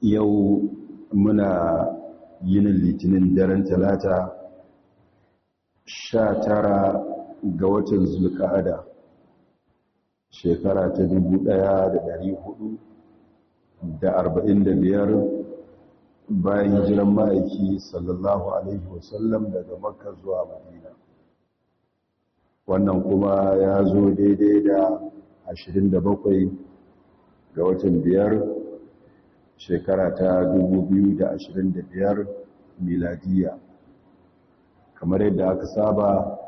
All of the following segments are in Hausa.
yau muna yinin litinin daren talata sha tara ga watan zulka'ada shekara ta dubu ɗaya da dari hudu da arba'in da biyar bayan jiran ma'aiki sallallahu alaihi wasallam daga makka zuwa madina wannan kuma ya zo daidai da ashirin da bakwai ga watan biyar shekara ta 2025 miladiya kamar yadda aka saba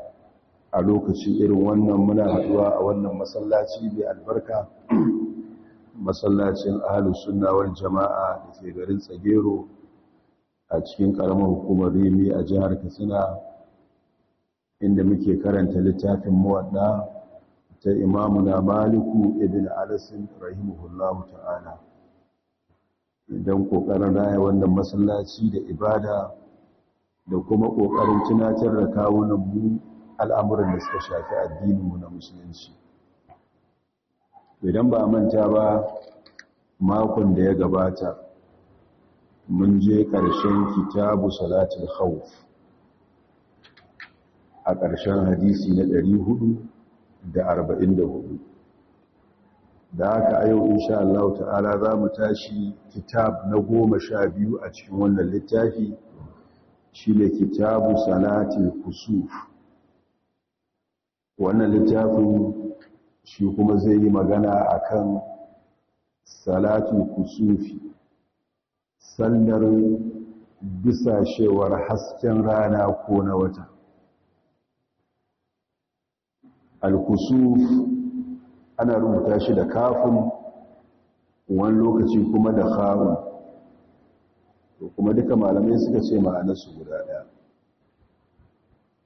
a lokacin irin wannan muna haduwa a wannan masallaci mai albarka masallacin ahalus sunna jama'a da ke garin tsagero a cikin karamar hukumar rimi a jihar katsina inda muke karanta littafin muwadda ta na maliku ibn alasin rahimahullahu ta'ala don ƙoƙarin raya wannan masallaci da ibada da kuma ƙoƙarin tunatar da kawunan mu al'amuran da suka shafi addininmu na musulunci idan ba manta ba makon da ya gabata mun je ƙarshen kitabu salatul khawf a ƙarshen hadisi na Ɗari da da arba'in hudu. da haka a yau insha Allah ta'ala za mu tashi kitab na goma sha biyu a cikin wannan littafi shi ne kitabu salatin kusuf wannan littafin shi kuma zai yi magana a kan salatin kusufi sallar bisashewar hasken rana ko na wata al-kusuf ana rubuta shi da kafin wani lokaci kuma da kha'un kuma duka malamai suka ce ma'anarsu guda ɗaya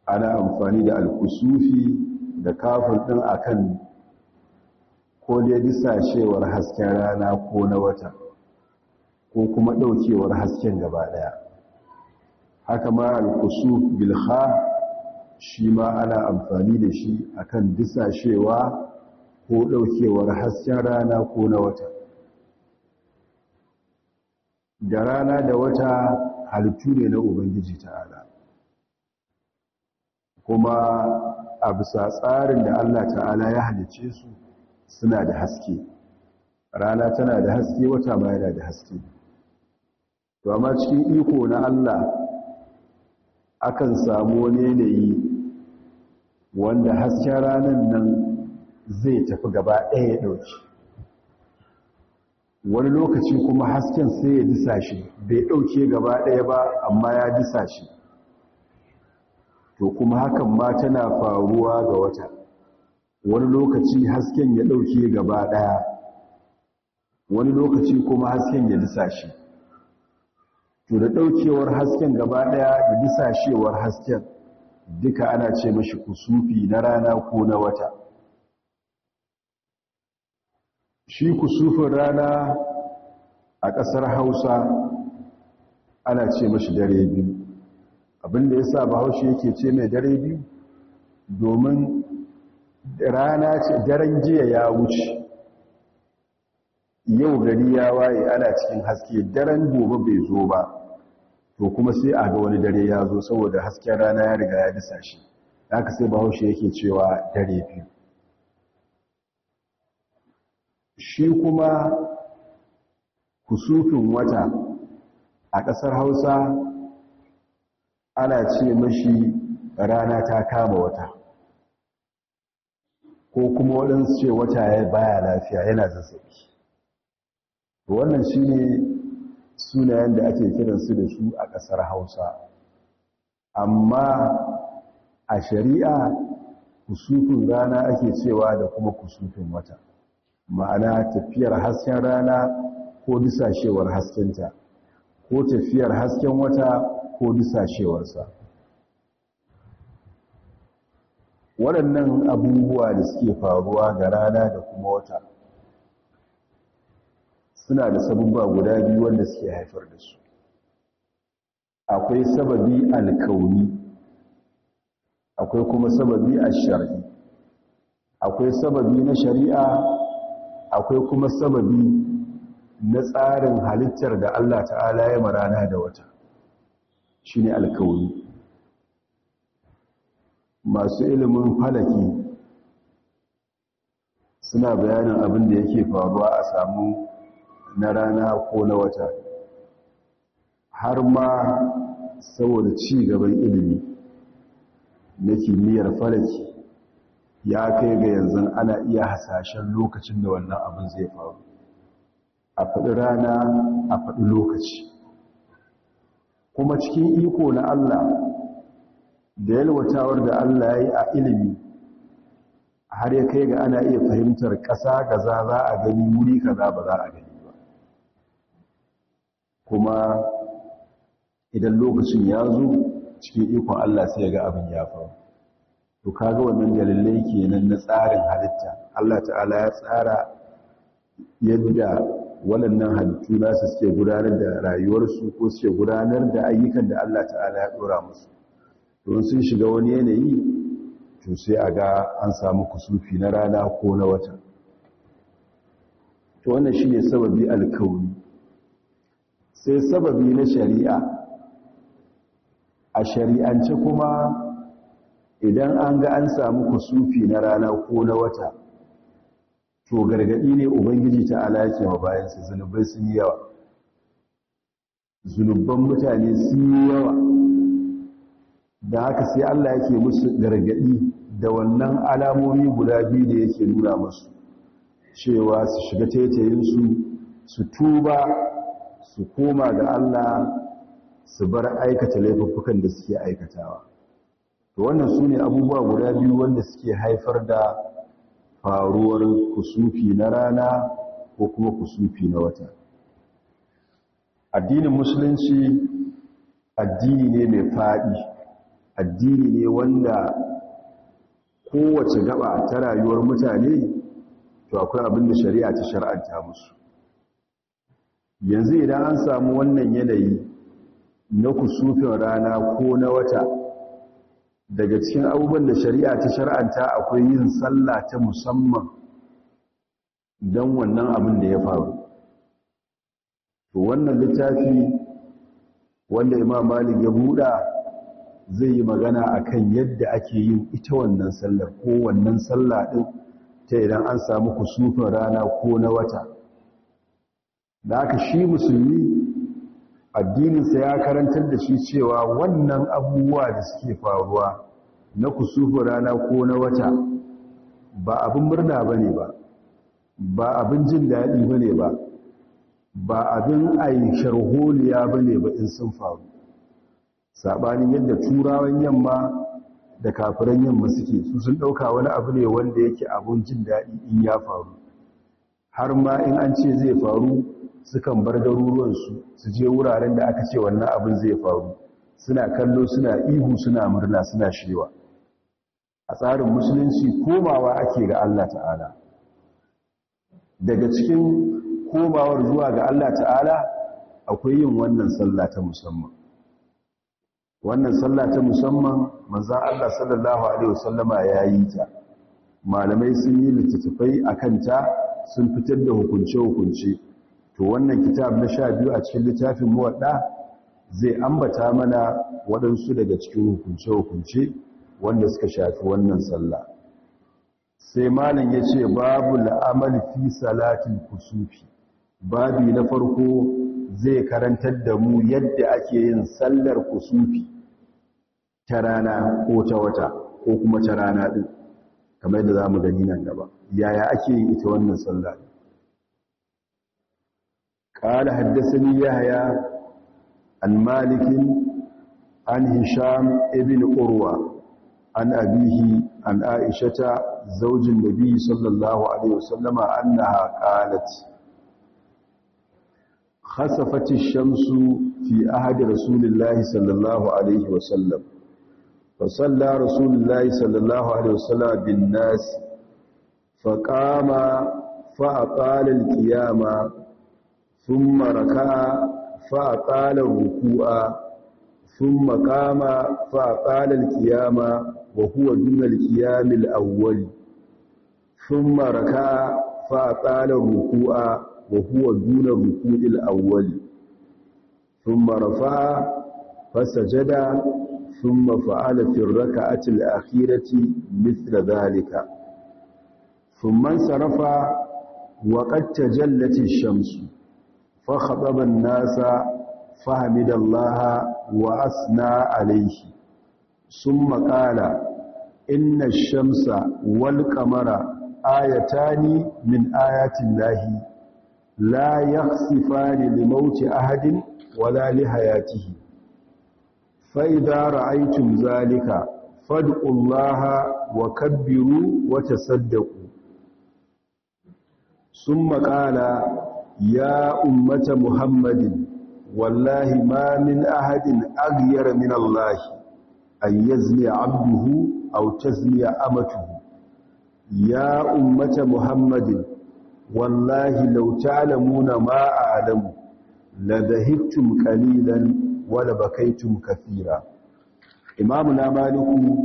ana amfani da alkusufi da kafin ɗin akan ko dai bisa shewar hasken rana ko na wata ko kuma ɗaukewar hasken gaba ɗaya haka ma alkusuf bilha shi ma ana amfani da shi akan disashewa ko ɗaukewar hasken rana ko na wata da rana da wata halittu ne na ubangiji ta'ala kuma a bisa tsarin da allah ta'ala ya halice su suna da haske rana tana da haske wata ma yana da haske to amma cikin iko na allah akan samu wani yanayi wanda hasken ranan nan zai tafi gaba ɗaya ya ɗauki wani lokaci kuma hasken sai ya disa shi bai ɗauke gaba ɗaya ba amma ya disa shi to kuma hakan ma tana faruwa ga wata wani lokaci hasken ya ɗauke gaba ɗaya wani lokaci kuma hasken ya disa shi to da ɗaukewar hasken gaba ɗaya da disashewar hasken duka ana ce mashi kusufi na rana ko na wata shi kusufin rana a ƙasar hausa ana ce mashi dare biyu abinda ya sa bahaushe yake ce mai dare biyu domin rana ce daren jiya ya wuce yau gari ya waye ana cikin haske daren gobe bai zo ba to kuma sai a ga wani dare ya zo saboda hasken rana ya riga ya disa shi haka sai bahaushe yake cewa dare biyu shi kuma kusufin wata a ƙasar hausa ana ce mashi rana ta kama wata ko kuma waɗansu ce wata ya baya lafiya yana zazzabi wannan shi ne sunayen da ake kiransu da su a ƙasar hausa amma a shari'a kusufin rana ake cewa da kuma kusufin wata ma'ana tafiyar hasken rana ko disashewar haskenta ko tafiyar hasken wata ko disashewarsa waɗannan abubuwa da suke faruwa ga rana da kuma wata suna da sabubba guda biyu wanda suke haifar da su akwai sababi alkauni akwai kuma sababi ashari akwai sababi na shari'a akwai kuma sababi na tsarin halittar da Allah ta'ala ya marana da wata shi ne alkawuni masu ilimin falaki suna bayanin abin da yake faruwa a samu na rana ko na wata har ma saboda ci gaban ilimi na kimiyyar falaki ya kai ga yanzu ana iya hasashen lokacin da wannan abin zai faru a faɗi rana a faɗi lokaci kuma cikin iko na Allah da yalwatawar da Allah ya yi a ilimi har ya kai ga ana iya fahimtar ƙasa gaza za a gani wuri kaza ba za a gani ba kuma idan lokacin ya zo cikin ikon Allah sai ya ga abin ya faru to kaga wannan dalilai kenan na tsarin halitta Allah ta'ala ya tsara yadda waɗannan halittu za su suke gudanar da rayuwarsu ko suke gudanar da ayyukan da Allah ta'ala ya ɗora musu don sun shiga wani yanayi to sai a ga an samu kusufi na rana ko na wata to wannan shi ne sababi alkauni sai sababi na shari'a a shari'ance kuma idan an ga an samu kusufi na rana ko na wata to gargadi ne ubangiji ta alake wa su zunubai sun yawa zunuban mutane sun yawa da haka sai Allah yake musu gargadi da wannan alamomi guda biyu da yake nuna masu cewa su shiga taitayinsu su tuba su koma ga Allah su bar aikata laifuffukan da suke aikatawa to wannan su ne abubuwa guda biyu wanda suke haifar da faruwar kusufi na rana ko kuma kusufi na wata addinin musulunci addini ne mai faɗi addini ne wanda kowace gaba ta rayuwar mutane to akwai abin da shari'a ta shar'anta musu yanzu idan an samu wannan yanayi na kusufin rana ko na wata daga cikin abubuwan da shari'a ta shari'anta akwai yin sallah ta musamman don wannan abin da ya faru to wannan littafi wanda imam malik ya buɗa zai yi magana akan yadda ake yin ita wannan sallar ko wannan sallah ɗin ta idan an samu kusufin rana ko na wata da aka shi musulmi addininsa ya karantar da shi cewa wannan abubuwa da suke faruwa na kusufu rana ko na wata ba abin murna ba ne ba ba abin jin daɗi ba ne ba ba abin aikar holiya ba ne ba in sun faru saɓanin yadda turawan yamma da kafiran yamma suke su sun ɗauka wani abu ne wanda yake abin jin daɗi in ya faru har ma in an ce zai faru sukan bar garuruwansu su je wuraren da aka ce wannan abin zai faru suna kallo suna ihu suna murna suna shewa a tsarin musulunci komawa ake ga Allah ta'ala daga cikin komawar zuwa ga Allah ta'ala akwai yin wannan sallah ta musamman wannan sallah ta musamman manzon Allah sallallahu alaihi wasallama yi ta malamai sun yi littattafai a kanta sun fitar da hukunce-hukunce to wannan kitab na sha biyu a cikin littafin muwadda zai ambata mana waɗansu daga cikin hukunce-hukunce wanda suka shafi wannan sallah sai Malam ya ce babu la'amal fi salatin kusufi babi na farko zai karantar da mu yadda ake yin sallar kusufi ta rana ko ta wata ko kuma ta rana ɗin kamar yadda za mu gani nan gaba yaya ake yin ita wannan sallah ɗin قال حدثني يحيى عن مالك عن هشام ابن قروة عن أبيه عن عائشة زوج النبي صلى الله عليه وسلم أنها قالت خسفت الشمس في أحد رسول الله صلى الله عليه وسلم فصلى رسول الله صلى الله عليه وسلم بالناس فقام فأقال القيامة ثم ركع فأطال الركوع ثم قام فأطال القيام وهو دون القيام الأول ثم ركع فأطال الركوع وهو دون الركوع الأول ثم رفع فسجد ثم فعل في الركعة الأخيرة مثل ذلك ثم انصرف وقد تجلت الشمس fa khataban nasa fahamidallaha wa asna alaihi sun maƙala inna ash-shamsa walƙamara qamara ayatani min ayati llahi la yakhsifani li mauti ahadin wala li hayatihi fa idza ra'aytum zalika fad'u allaha wa kabbiru wa tasaddaqu Sun maƙala. ya ummata muhammadin wallahi ma min ahadin aghyara min Allah an yazniya abduhu aw tazniya amatuhu ya ummata muhammadin wallahi law ta'lamuna ma a'lamu la dhahibtum qalilan wa la imamu na maliku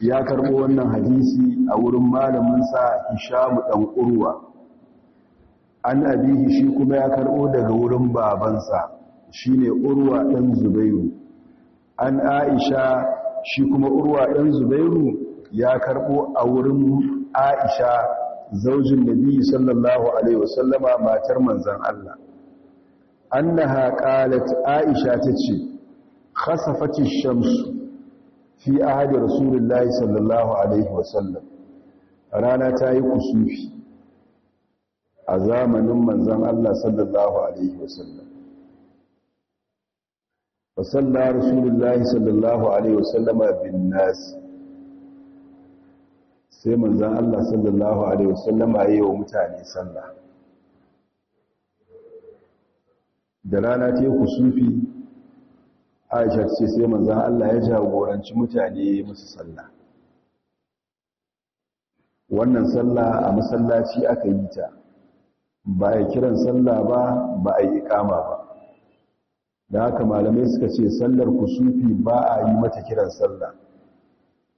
ya karbo wannan hadisi a wurin malamin sa hisham dan an abihi shi kuma ya karɓo daga wurin babansa shine urwa ɗan zubairu an aisha shi kuma urwa ɗan zubairu ya karɓo a wurin aisha zaujin nabi sallallahu alaihi wasallama matar manzan Allah annaha qalat aisha tace khasafati shamsu fi ahadi rasulillahi sallallahu alaihi wasallam rana ta yi kusufi a zamanin manzan Allah sallallahu Alaihi wasallam. Wasalla Rasulullahi sallallahu Alaihi wasallama bin nasi, sai manzan Allah sallallahu Alaihi wasallama yi wa mutane sallah. Da rana teku sufi, Aisha ce sai manzan Allah ya jagoranci mutane musu sallah. Wannan sallah a masallaci aka yi ta. ba a kiran sallah ba ba a yi ikama ba da haka malamai suka ce sallar kusufi ba a yi mata kiran sallah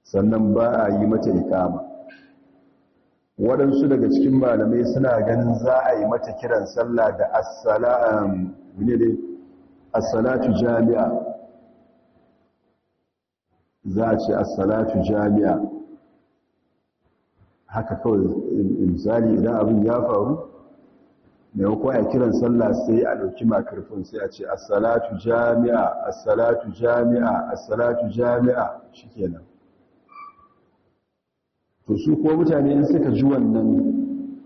sannan ba a yi mata ikama waɗansu daga cikin malamai suna ganin za a yi mata kiran salla da assalatu jami'a za a ce assalatu jami'a haka kawai misali idan abin ya faru maimakon a kiran sallah sai a ɗauki makarfin sai a ce assalatu jami'a assalatu jami'a assalatu jami'a shikenan to su ko mutane in suka ji wannan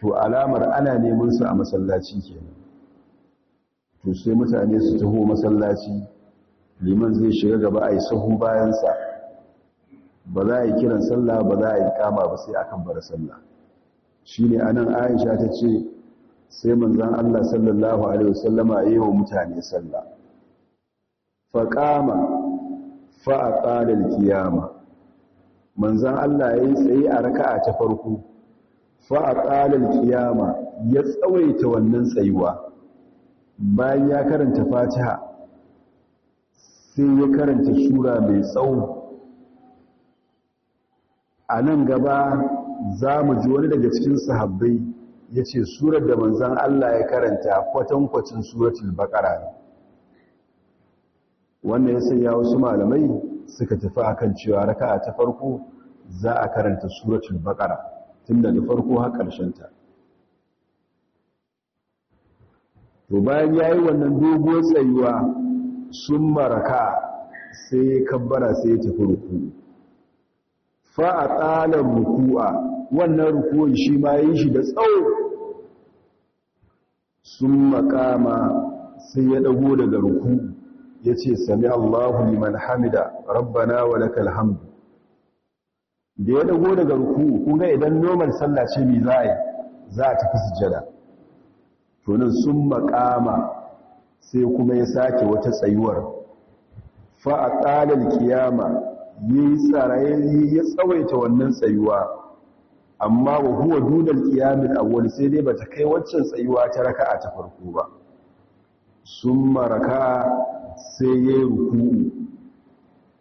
to alamar ana neman su a masallaci kenan to sai mutane su taho masallaci liman zai shiga gaba a yi sahu bayansa ba za a yi kiran sallah ba za a yi kama ba sai akan bar sallah shi ne anan aisha ta ce sai manzan Allah sallallahu Alaihi wasallama yi wa mutane sallah faƙama fa'aƙalar kiyama manzan Allah ya yi tsaye a raka'a ta farko fa'aƙalar kiyama ya tsawaita wannan tsayuwa bayan ya karanta fatiha sai ya karanta shura mai tsawo a nan gaba za mu ji wani daga cikin sahabbai ya ce surar da manzan Allah ya karanta kwatankwacin suratul baƙara ne wannan ya sanya wasu malamai suka tafi a kan cewa raka ta farko za a karanta suratul baƙara tun daga farko har ta. to bayan ya yi wannan dogon tsayuwa sun maraka sai ya kabbara sai ya tafi Fa fa'a tsalar ruku'a wannan rukuwan shi ma yi shi da tsawo sun makama sai ya dago daga ruku ya ce sami allahu liman hamida rabbana wa lakal hamdu da ya dago daga ruku kunga idan noman sallah ce mai za a za a tafi sujada tunan sun makama sai kuma ya sake wata tsayuwar fa a ƙalar kiyama ya tsawaita wannan tsayuwa amma wa huwa dunal qiyamil awwal sai dai bata kai waccan tsayuwa ta raka'a ta farko ba summa raka'a sai yayi ruku'u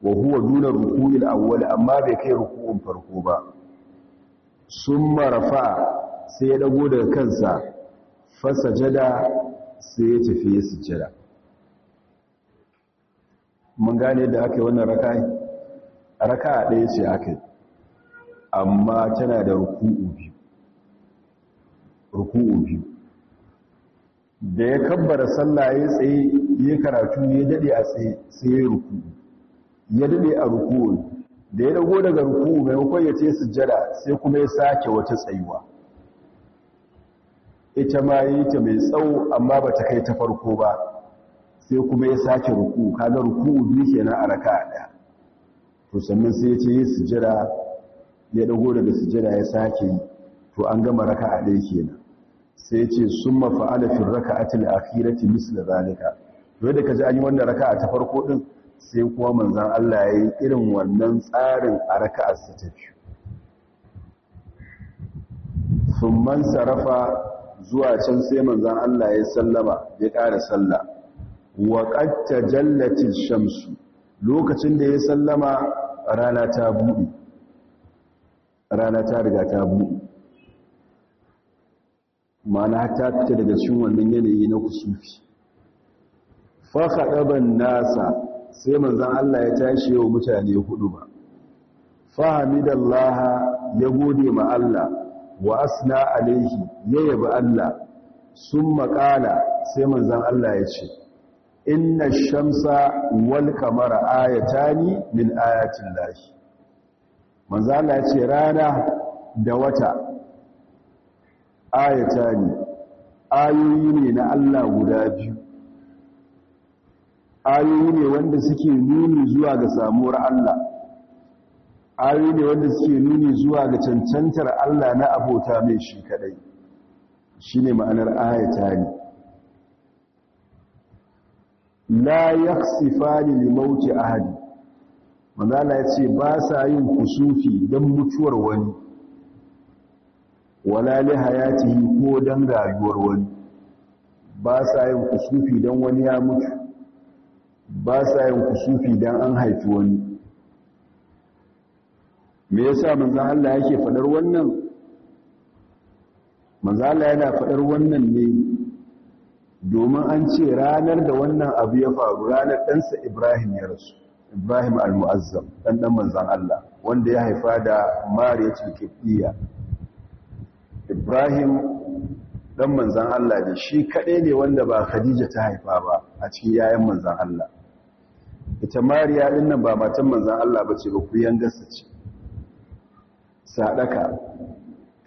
wa huwa dunal ruku'il awwal amma bai kai ruku'un farko ba summa rafa sai ya dago daga kansa fasajada sai ya tafi ya sujjada mun gane da aka yi wannan raka'a raka'a ɗaya ce aka yi amma tana da ruku'u biyu ruku'u biyu da ya kabbara sallah ya tsaye ya karatu ya dade a tsaye sai ya ruku'u ya dade a ruku'u da ya dago daga ruku'u mai, maimakon ya ce sujjada sai kuma ya sake wata tsayuwa ita ma yi ta mai tsawo amma ba ta kai ta farko ba sai kuma ya sake ruku'u. kaga ruku'u biyu kenan a raka ɗaya to sannan sai ya ce sujjada ya dago daga sujada ya sake yi to an gama raka'a ɗaya kenan sai ce summa fa'ala fi raka'ati al-akhirati misl zalika to da kaji an yi wannan raka'a ta farko din sai kuma manzon Allah yayi irin wannan tsarin a raka'a sa ta biyu summa sarafa zuwa can sai manzon Allah ya sallama ya ƙara sallah wa qad tajallati shamsu lokacin da ya sallama rana ta buɗe rana ta riga ta buɗe mana ta fita daga cikin wannan yanayi na kusufi fa haɗaban nasa sai manzan Allah ya tashi yau mutane hudu ba fahamidallaha ya gode ma Allah wa asna alaihi ya yabi Allah sun makala sai manzan Allah ya ce inna shamsa wal kamara ayatani min ayatin lahi manzo ya ce rana da wata ayata ne ayoyi ne na Allah guda biyu ayoyi ne wanda suke nuni zuwa ga samuwar Allah ayoyi ne wanda suke nuni zuwa ga cancantar Allah na abota mai shi kadai shine ma'anar ayata ne la yaksifani li mauti ahadi manzala ya ce ba sa yin kusufi don mutuwar wani wala li hayatihi ko don rayuwar wani ba sa yin kusufi don wani ya mutu ba sa yin kusufi don an haifi wani me ya sa manzan Allah ke faɗar wannan manzala yana faɗar wannan ne domin an ce ranar da wannan abu ya faru ranar ɗansa ibrahim ya rasu ibrahim al-mu'azzam dan dan manzan Allah wanda ya haifa da Mariya kibtiya ibrahim dan manzan Allah ne shi kadai ne wanda ba khadija ta haifa ba a cikin yayan manzan Allah ita mariya din nan ba matan manzan Allah bace ba ku yangarsa ce sadaka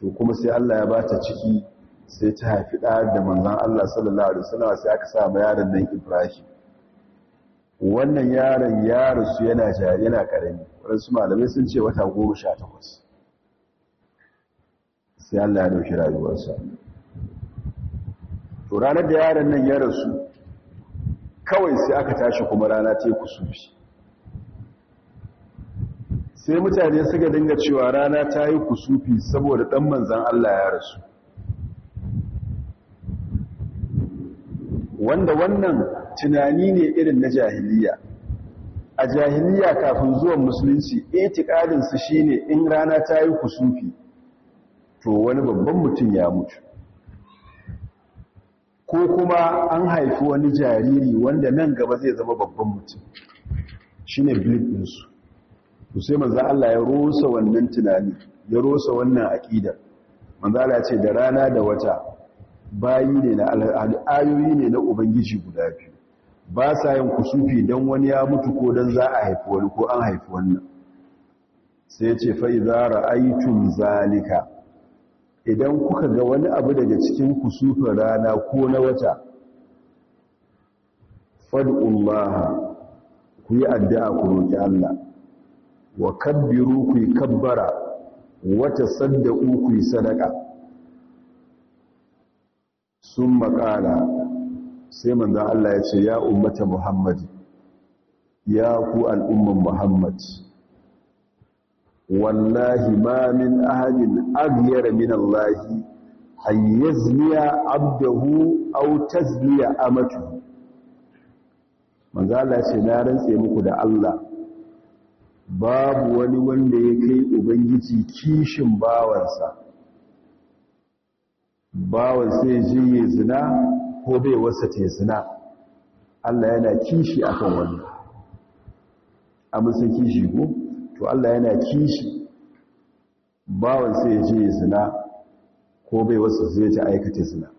to kuma sai Allah ya bata ciki sai ta haifi da da manzan Allah sallallahu alaihi wasallam sai aka sa ma yaron nan ibrahim wannan yaron ya rasu yana yana karami wasu malamai sun ce wata 18 sai Allah ya dauki rayuwarsa to ranar da yaron nan ya rasu kawai sai aka tashi kuma rana ta yi kusufi sai mutane suka dinga cewa rana ta yi kusufi saboda dan manzan Allah ya rasu wanda wannan tunani ne irin na jahiliya a jahiliya kafin zuwan musulunci su shine in rana ta yi kusufi to wani babban mutum ya mutu ko kuma an haifi wani jariri wanda nan gaba zai zama babban mutum shine ne ɗinsu sai manza Allah ya rosa wannan tunani ya rosa wannan aƙidar, manza Allah ce da rana da wata bayi ne na ayoyi ne na ubangiji guda biyu ba sa yin kusufi don wani ya mutu ko don za a haifi wani ko an haifi wannan sai ce fa'i za ra'aitun zalika idan kuka ga wani abu daga cikin kusufin rana ko na wata fad'ullaha ku yi addu'a ku roƙi Allah wa kabbiru ku yi kabbara wata sadda ku yi sadaka sun makala sai manza Allah ya ce ya ummata Muhammad ya ku al'umman muhammad wallahi ma min ahadin agiyar min Allahi an yazniya abdahu au amatu manzo Allah ce na rantse muku da Allah babu wani wanda ya kai ubangiji kishin bawansa bawa sai shi yi zina ko bai wasa ta zina Allah yana kishi akan wani. abin sun kishi ko to Allah yana kishi bawan sai ya yi zina ko bai wasa zai ta aikata zina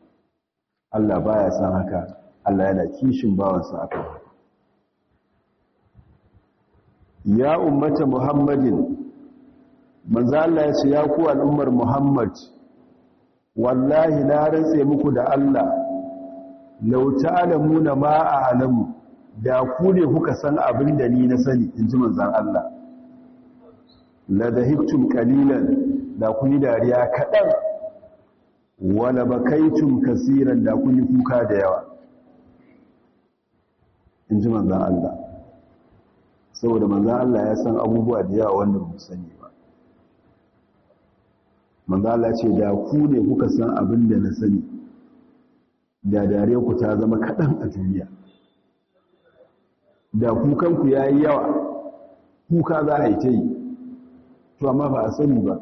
Allah ba ya san haka Allah yana kishin bawansa a kan ya ummata muhammadin manzo Allah ya ce ya ku al'ummar muhammad wallahi na rantse muku da Allah law ta'lamuna ma a'lamu da ku ne kuka san abin da ni na sani in ji manzan Allah la dahibtum qalilan da ku dariya kadan wala bakaitum kaseeran da ku yi kuka da yawa in ji manzan Allah saboda manzan Allah ya san abubuwa da yawa wanda ba sani manzo Allah ce da ku ne kuka san abin da na sani da dare ku ta zama kadan a duniya da ku kanku yayi yawa kuka za a yi ta yi to amma ba a sani ba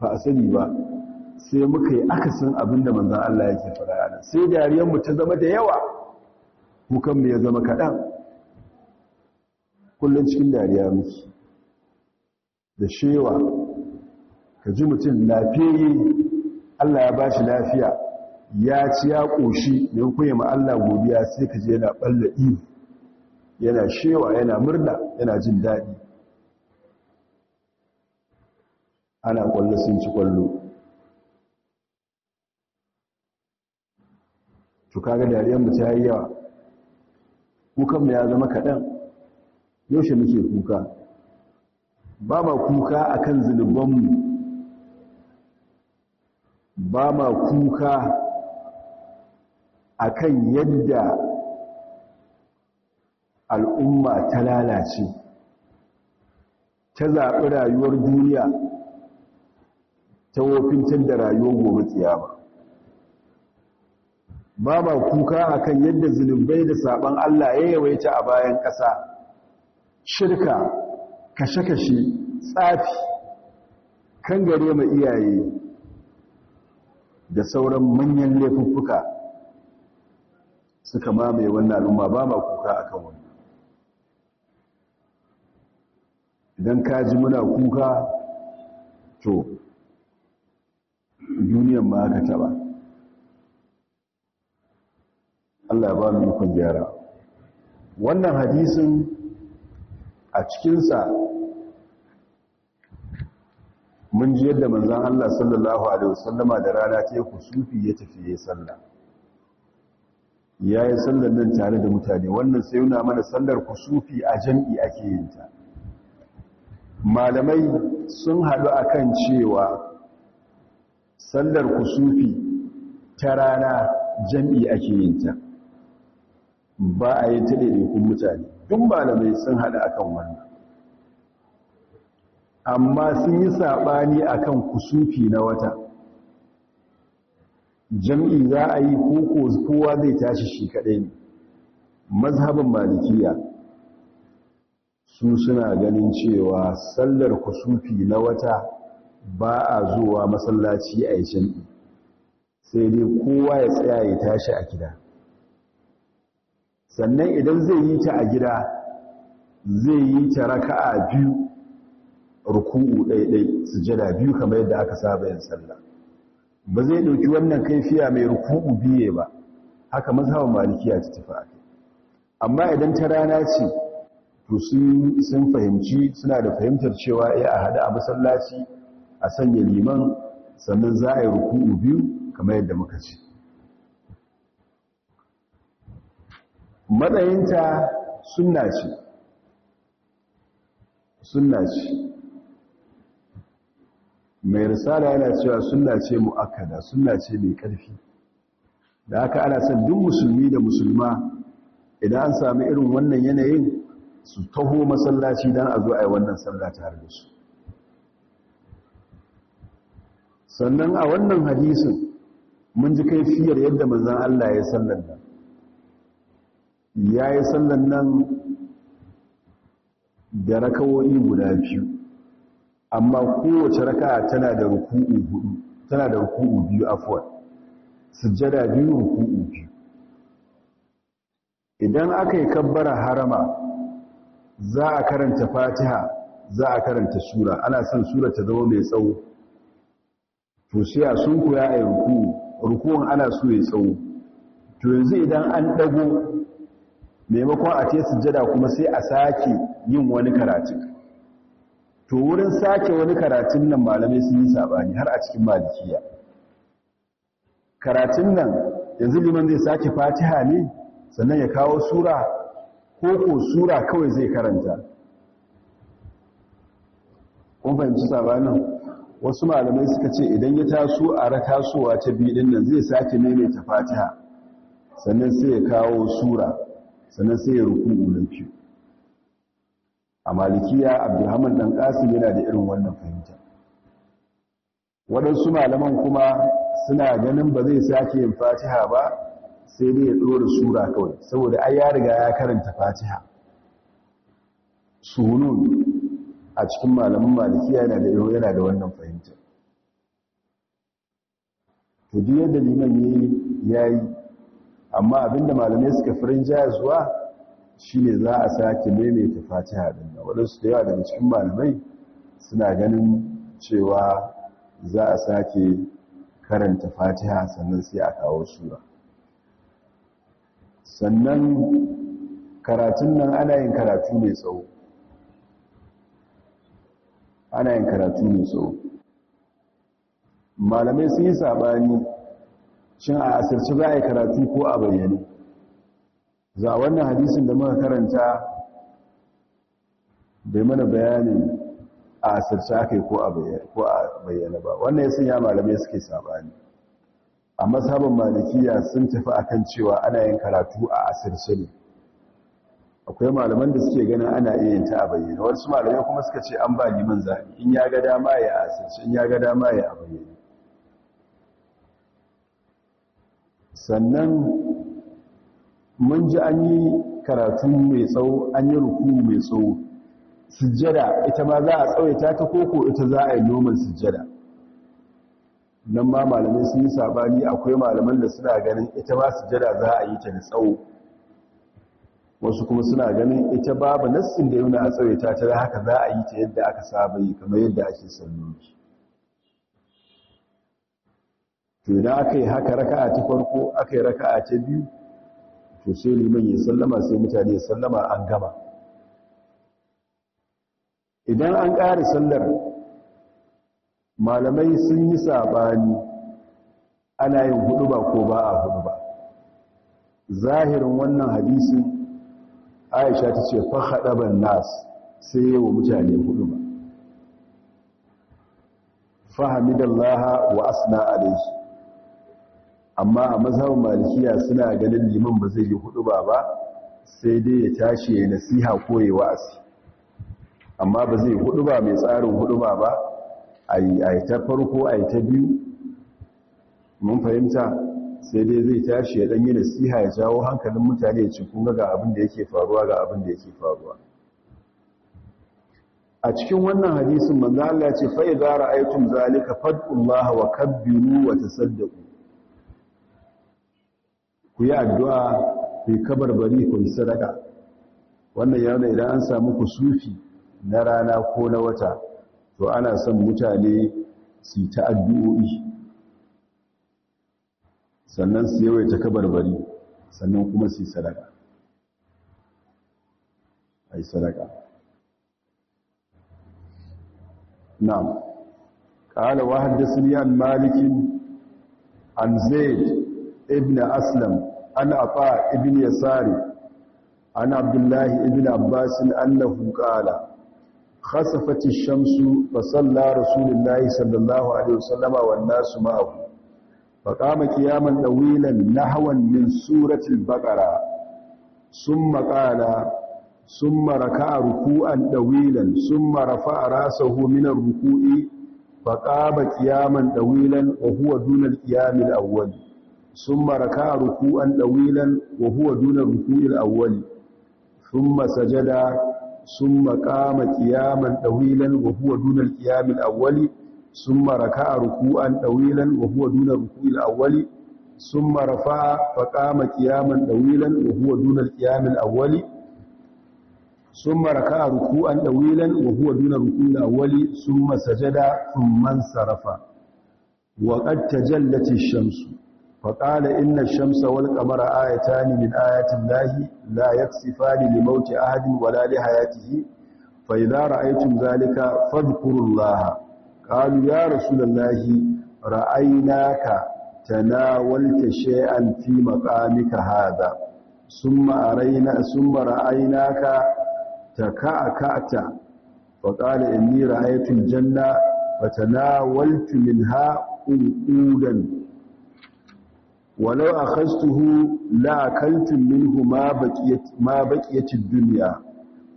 ba a sani ba sai muka yi akasin abin da manzo Allah yake fara sai dariyarmu ta zama da yawa kukanmu ya zama kaɗan. Kullum cikin dariya muke da shewa ka ji mutum lafiyayye Allah ya ba shi lafiya ya ci ya ƙoshi ne hukunye ma Allah godiya sai ka je yana ɓalla yana shewa yana murna yana jin daɗi ana ƙwallo sun ci ƙwallo tukaga mu ta yi yawa kukanmu ya zama kaɗan yaushe muke kuka ba ma kuka a kan zunubanmu ba ma kuka a kan yadda al'umma ta lalace ta zaɓi rayuwar duniya ta wofintar da rayuwar gobe tsiyama ba ma kuka a kan yadda zunubai da saɓon Allah ya yawaita a bayan ƙasa shirka kashe-kashe tsafi kan gare ma iyaye da sauran manyan laifuka suka mamaye wannan al'umma ba ma kuka akan wani idan ka muna kuka to duniyan ma aka taba Allah ya ba mu ikon gyara wannan hadisin a cikinsa mun ji yadda manzan Allah sallallahu Alaihi wasallama da rana ce ku sufi ya tafi ya sallah ya yi sallar nan tare da mutane wannan sai yana mana sallar ku sufi a jam'i ake yinta malamai sun haɗu akan cewa sallar ku sufi ta rana jam'i ake yinta ba a yi ta ɗaiɗaikun mutane tun malamai sun haɗa akan wannan amma sun yi saɓani akan kusufi na wata jam'i za a yi koko kowa zai tashi shi kaɗai ne mazhabin malikiya su suna ganin cewa sallar kusufi na wata ba a zuwa masallaci a yi jam'i sai dai kowa ya tsaya ya tashi a gida sannan idan zai yi ta a gida zai yi ta raka'a biyu ruku'u ɗaiɗai sujada biyu kamar yadda aka saba yin sallah ba zai ɗauki wannan kaifiya mai ruku'u biye ba haka mazhaban malikiya ta tafi a amma idan ta rana ce to sun fahimci suna da fahimtar cewa ya eh, a haɗu a masallaci a sanya liman sannan za a yi ruku'u biyu kamar yadda muka ce matsayinta sunna ce sunna ce mai risala yana cewa sunna ce mu'akkada sunna ce mai ƙarfi da haka ana san duk musulmi da musulma idan an sami irin wannan yanayin su taho masallaci don a zo a yi wannan sallah ta da su sannan a wannan hadisin mun ji kai fiyar yadda manzon Allah ya sallar nan ya yi sallan nan da rakawoyi guda biyu amma kowace raka tana da ruku'u hudu tana da ruku'u biyu afwan sujjada biyu ruku'u biyu idan aka yi kabbara harama za a karanta fatiha za a karanta sura ana son sura ta zama mai tsawo to siya sun koya a yi ruku'u ruku'un ana so ya tsawo to yanzu idan an dago maimakon a ce sujjada kuma sai a sake yin wani karatun to wurin sake wani karatun nan malamai sun yi sabani har a cikin malikiya karatun nan yanzu liman zai sake fatiha ne sannan ya kawo sura ko ko sura kawai zai karanta kun fahimci sabanin wasu malamai suka ce idan ya taso a ratasowa ta biyu din nan zai sake maimaita fatiha sannan sai ya kawo sura sannan sai ya ruku na biyu a malikiya abdulhamid dan qasim yana da irin wannan fahimta waɗansu malaman kuma suna ganin ba zai sake yin fatiha ba sai dai ya ɗora sura kawai saboda ai ya riga ya karanta fatiha sunun a cikin malaman malikiya yana da yana da wannan fahimta to duk yadda liman ya yayi amma abinda malamai suka firin shi ne za a sake maimaita fatiha haɗin da waɗansu da yawa daga cikin malamai suna ganin cewa za a sake karanta fatiha sannan sai a kawo shura. sannan karatun nan ana yin karatu mai tsawo ana yin karatu mai tsawo malamai sun yi sabani shin a asirce za a yi karatu ko a bayyane za a wannan hadisin da muka karanta bai mana bayanin a asirce aka yi ko a bayyane ba wannan ya malamai suke sabani a masabin malikiya sun tafi akan cewa ana yin karatu a asirce ne akwai malaman da suke ganin ana iya yin ta a bayyane wasu malamai kuma suka ce an ba liman zaɓi in ya ga dama ya asirce in ya ga dama ya a bayyane sannan mun ji an yi karatu mai tsawo an yi ruku mai tsawo sujjada ita ma za a tsawai ta ta koko ita za a yi noman sujjada nan ma malamai sun yi sabani akwai malaman da suna ganin ita ma sujjada za a yi ta da tsawo wasu kuma suna ganin ita babu nassin da yana a tsawai ta da haka za a yi ta yadda aka saba yi kamar yadda ake salloli to idan aka yi haka raka'a ta farko aka yi raka'a ta biyu to sai liman ya sallama sai mutane ya sallama an gama idan an ƙari sallar malamai sun yi saɓani ana yin hudu ba ko ba a hudu ba zahirin wannan hadisi aisha ta ce ban nas sai yi wa mutane hudu ba fahimidallaha wa asna alaihi amma a mazhabin malikiya suna ganin liman ba zai yi hudu ba ba sai dai ya tashi ya nasiha ko ya wa'azi amma ba zai hudu ba mai tsarin hudu ba ba a yi ta farko a yi ta biyu mun fahimta sai dai zai tashi ya ɗanyi nasiha ya jawo hankalin mutane ya ci kunga ga abin da yake faruwa ga abin da yake faruwa a cikin wannan hadisin manzo Allah ya ce fa idza ra'aytum zalika fad'ullaha wa kabbiru wa tasaddaqu ku yi addu'a ku yi kabarbari ku yi sadaka wannan ya idan an samu ku sufi na rana ko na wata to ana son mutane su yi ta addu'o'i sannan su yawaita kabarbari sannan kuma su yi sadaka a yi sadaka na'am ƙala wa haddasa ni an malikin an zaid ibn aslam ana fa ibn yasari ana abdullahi ibn abbas annahu qala khasafati shamsu fa salla rasulullahi sallallahu alaihi wasallama wan nasu ma'ahu fa qama qiyaman dawilan nahwan min surati al-baqara summa qala summa raka'a ruku'an dawilan summa rafa'a ra'sahu min ar-ruku'i fa qama qiyaman dawilan wa huwa duna al-qiyam al-awwal ثم ركع ركوعا طويلا وهو دون الركوع الأول ثم سجد ثم قام قياما طويلا وهو دون القيام الأول ثم ركع ركوعا طويلا وهو دون الركوع الأول ثم رفع فقام قياما طويلا وهو دون القيام الأول ثم ركع ركوعا طويلا وهو دون الركوع الأول ثم سجد ثم انصرف وقد تجلت الشمس faƙala inna shamsa wal qamara ayatani min ayatin lahi la yaksifani li mauti ahadin wala li hayatihi fa idza ra'aytum zalika fadhkurullaha qalu ya rasulallahi ra'aynaka tanawalta shay'an fi maqamika hadha summa arayna summa ra'aynaka taka'akata فقال إني رأيت الجنة فتناولت منها أنقودا ولو أخذته لا أكلت منه ما بقيت, ما بقيت الدنيا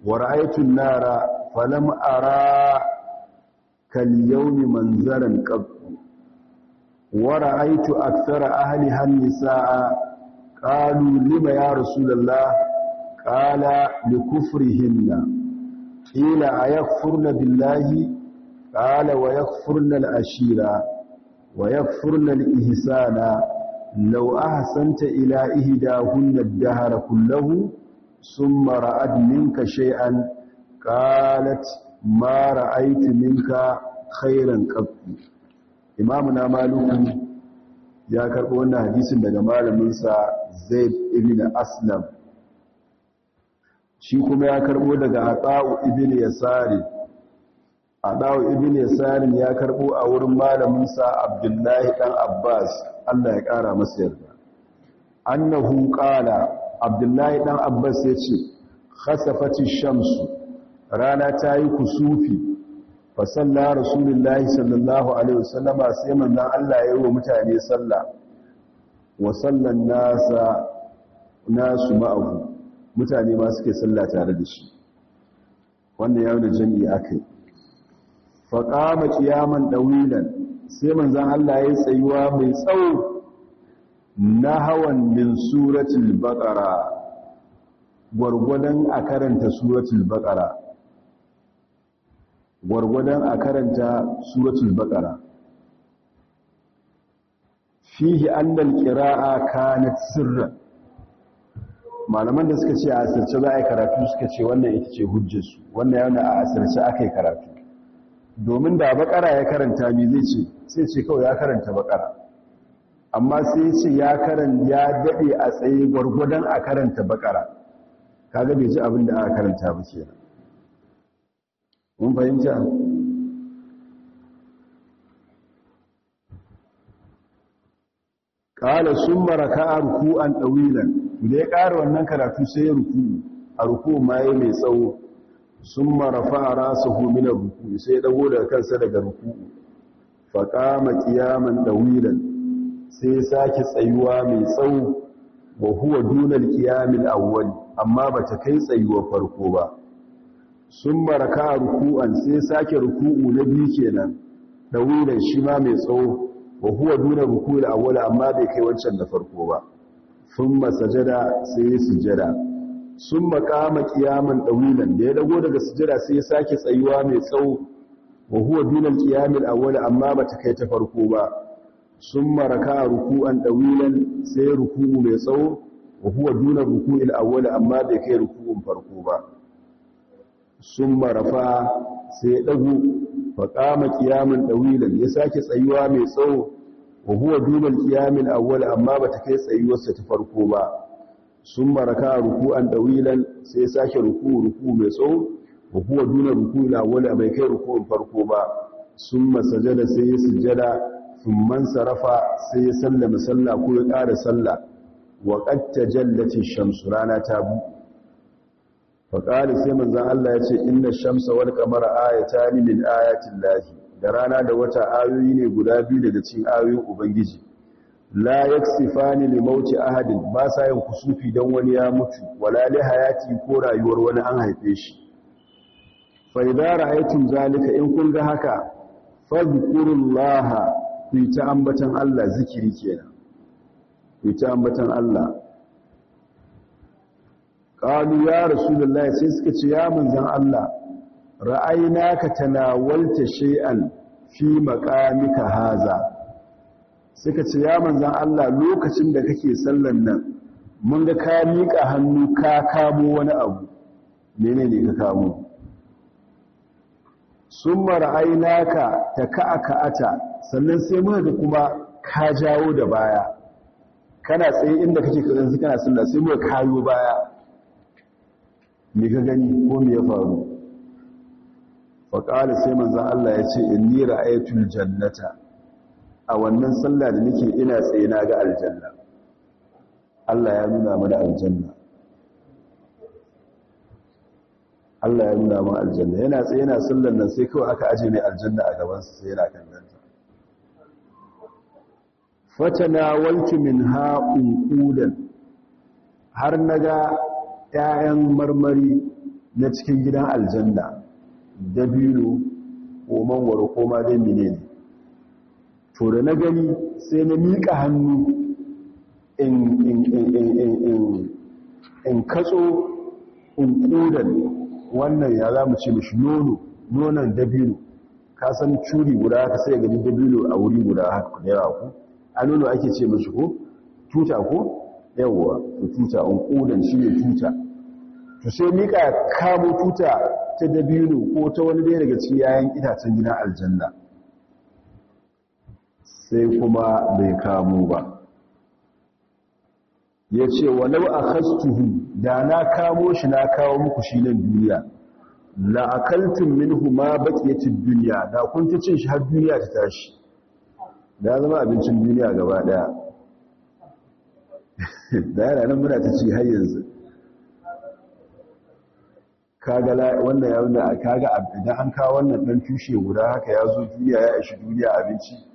ورأيت النار فلم أرى كاليوم منظرا قبل ورأيت أكثر أهلها النساء قالوا لما يا رسول الله قال لكفرهن قيل أيكفرن بالله قال ويكفرن الأشيرة ويكفرن الإهسانة لو أحسنت إلى إهداهن الدهر كله ثم رأت منك شيئا قالت ما رأيت منك خيرا قط إمامنا مالك ya karɓo wannan hadisin daga malaminsa zaid ibn aslam shi kuma ya karɓo daga hatsa'u ibn yasari dawo ibn yasarin ya karbo a wurin malamin sa abdullahi dan abbas Allah ya kara masa yarda annahu qala abdullahi dan abbas ya yace khasafati shamsu rana ta yi kusufi fa salla rasulullahi sallallahu alaihi wasallama sai manzon Allah ya yi wa mutane sallah wa sallan nasa nasu ma'ahu mutane ma suke sallah tare da shi wannan ya da jami'a akai fa qama qiyaman dawilan sai manzan Allah ya tsayuwa mai tsawo hawan min suratul baqara gwargwadon a karanta suratul baqara gwargwadon a karanta suratul baqara fihi annal qira'a kanat sirra malaman da suka ce a asirce za a yi karatu suka ce wannan ita ce hujjarsu wannan yana a asirce aka karatu domin da bakara ya karanta bi zai ce sai ce kawai ya karanta bakara amma sai ce ya karanta ya dade a tsaye gwargwadon a karanta bakara kaga bai ji abin da aka karanta ba ce mun fahimta kala sun maraka a an ɗawilan da ya ƙara wannan karatu sai ya ruku a ruku ma mai tsawo sun marafa a rasa hominar ruku sai ɗago da kansa daga ruku maƙiyaman da ɗawilan sai sake tsayuwa mai tsawo ba huwa dunar ƙiyamin awwali amma ba ta kai tsayuwa farko ba sun maraka ruku'an sai sake ruku'u na biyu kenan ɗawilan shi ma mai tsawo ba huwa dunar da awwali amma bai kai wancan da farko ba sun masajada sai sujada sun makama kiyaman ɗawilan da ya dago daga sujjada sai ya sake tsayuwa mai tsawo wa huwa dunan kiyamin awwal amma ba ta kai ta farko ba sun maraka ruku'an ɗawilan sai ruku'u mai tsawo wa huwa dunan ruku'il awwal amma bai kai ruku'un farko ba sun marafa sai ya dago fa kama kiyaman ɗawilan ya sake tsayuwa mai tsawo wa huwa dunan kiyamin awwal amma ba ta kai tsayuwarsa ta farko ba sun maraka ruku'an dawilan sai ya sake ruku ruku mai tsawo ruku wa duna ruku la wala bai kai ruku'un farko ba sun masajada sai ya sujada sun man sarafa sai ya sallama sallah ko ya ƙara sallah wa qad tajallati shamsu rana ta bu faƙari sai manzan Allah ya ce inna shamsa wal kamara aya ni min ayatin lahi da rana da wata ayoyi ne guda biyu daga cikin ayoyin ubangiji la yaksifani li ahadin ba sa yin kusufi dan wani ya mutu wala li hayati ko rayuwar wani an haife shi fa idza ra'aytum zalika in kun ga haka fadhkurullaha ku ta ambatan Allah zikiri kenan ku ta ambatan Allah qalu ya rasulullahi sai suka ce ya manzon Allah ra'aynaka tanawalta shay'an fi maqamika haza suka ce ya manzan Allah lokacin da kake sallan nan mun ga ka miƙa hannu ka kamo wani abu menene ka kamo sun mara'aina ka ta ata sannan sai muka ga kuma ka jawo da baya kana tsaye inda kake kaɗansu kana sallah sai muka kayo baya me ka gani ko me ya faru faƙali sai manzan Allah ya ce in ni ra'ayatul jannata a wannan sallah da nake ina tsaye na ga aljanna Allah ya nuna mana aljanna Allah ya nuna mana aljanna yana tsaye yana sallan nan sai kawai aka aje mai aljanna a gaban sa sai yana kallon ta fatana waltu minha unqudan har naga 'ya'yan marmari na cikin gidan aljanna dabino ko mangwaro ko ma dai menene to da na gani sai na miƙa hannu in katso in ƙudan wannan ya za mu ce mashi nono nonon dabino ka san curi guda haka sai gani dabino a wuri guda haka da yawa ku a nono ake ce mashi ko tuta ko yawwa to tuta in ƙudan shi ne tuta to sai miƙa kamo tuta ta dabino ko ta wani daya daga cikin yayan itacen gina aljanna sai kuma bai kamo ba ya ce walau a kastuhu da na kamo shi na kawo muku shi nan duniya la'akaltun minhu ma baqiyatid duniya da kun ta cin shi har duniya ta tashi da zama abincin duniya gaba daya da yana nan muna ta ci har yanzu kaga wannan ya wanda kaga da an kawo wannan dan tushe guda haka ya zo duniya ya ishi duniya abinci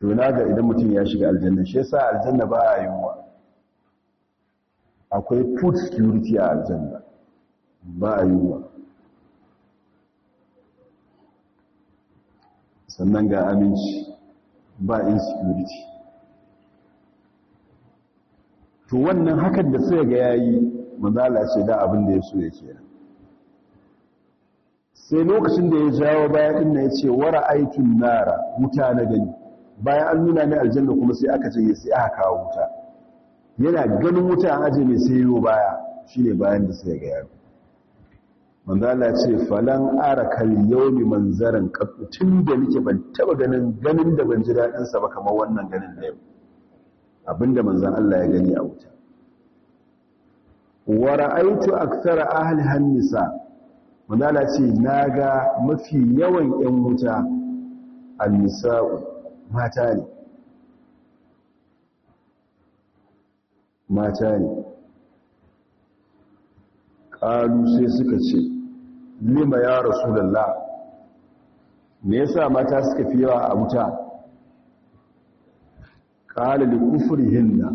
to na ga idan mutum ya shiga aljanna shi yasa aljanna ba a wa akwai food security a aljanna ba a wa sannan ga aminci ba insecurity to wannan hakan da sai ga yayi manzala ce da abin da ya so ya ce sai lokacin da ya jawo baya din ya ce wara aitun nara wuta na gani bayan an nuna mai aljanna kuma sai aka ce sai aka kawo wuta yana ganin wuta an aje mai sai yiwo baya shine bayan da sai ga yaro manzo Allah ce falan arakal yawmi manzaran qattu tun da nake ban taba ganin ganin da ban ji daɗinsa ba kamar wannan ganin da yau abinda manzan Allah ya gani a wuta wa ra'aytu akthara ahli hannisa manzo Allah ce naga mafi yawan yan wuta al-nisa’u’ mata ne mata ne ƙalu sai suka ce lima ya rasu lalla me yasa mata suka fi yawa a wuta ƙala da kufurihin na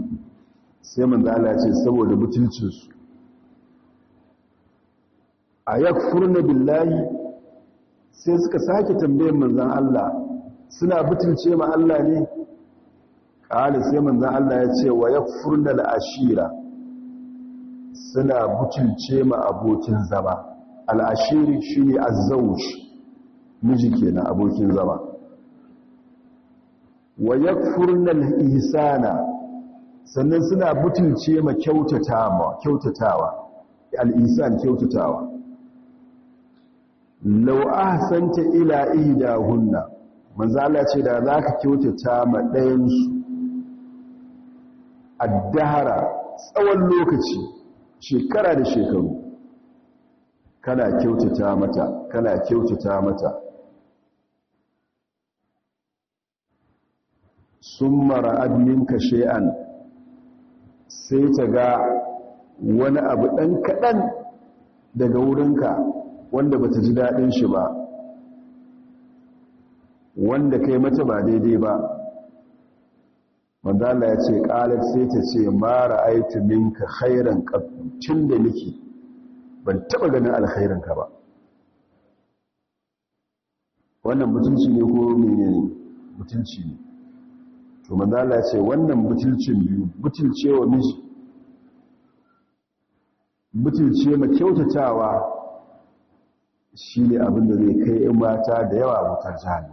sai manzala ce saboda mutuncinsu a yak furna billahi sai suka sake tambayin manzan Allah suna butulce ma Allah ne ƙali sai manzan Allah ya ce wa ya furnal ashira suna butulce ma abokin zama al'ashiri shi ne azzawush miji ke na abokin zama wa ya furnal ihsana sannan suna butulce ma kyautatawa al'isan kyautatawa lau ahsanta ila ihdahunna manzala ce da za ka kyautata ma ɗayansu dahara tsawon lokaci shekara da shekaru kana kyautata mata kana kyautata mata sun mara kashe an sai ta ga wani abu ɗan kaɗan daga wurinka wanda bata ji daɗin shi ba wanda kai mata ba daidai ba manzala ya ce ƙalar sai ta ce mara aitu minka khairan ƙafucin da niki ban taɓa ganin alkhairanka ba wannan mutunci ne ko mene ne mutunci ne to manzala ya ce wannan mutuncin biyu mutunce wa miji mutunce ma kyautatawa shi ne abinda zai kai in mata da yawa mutar jihar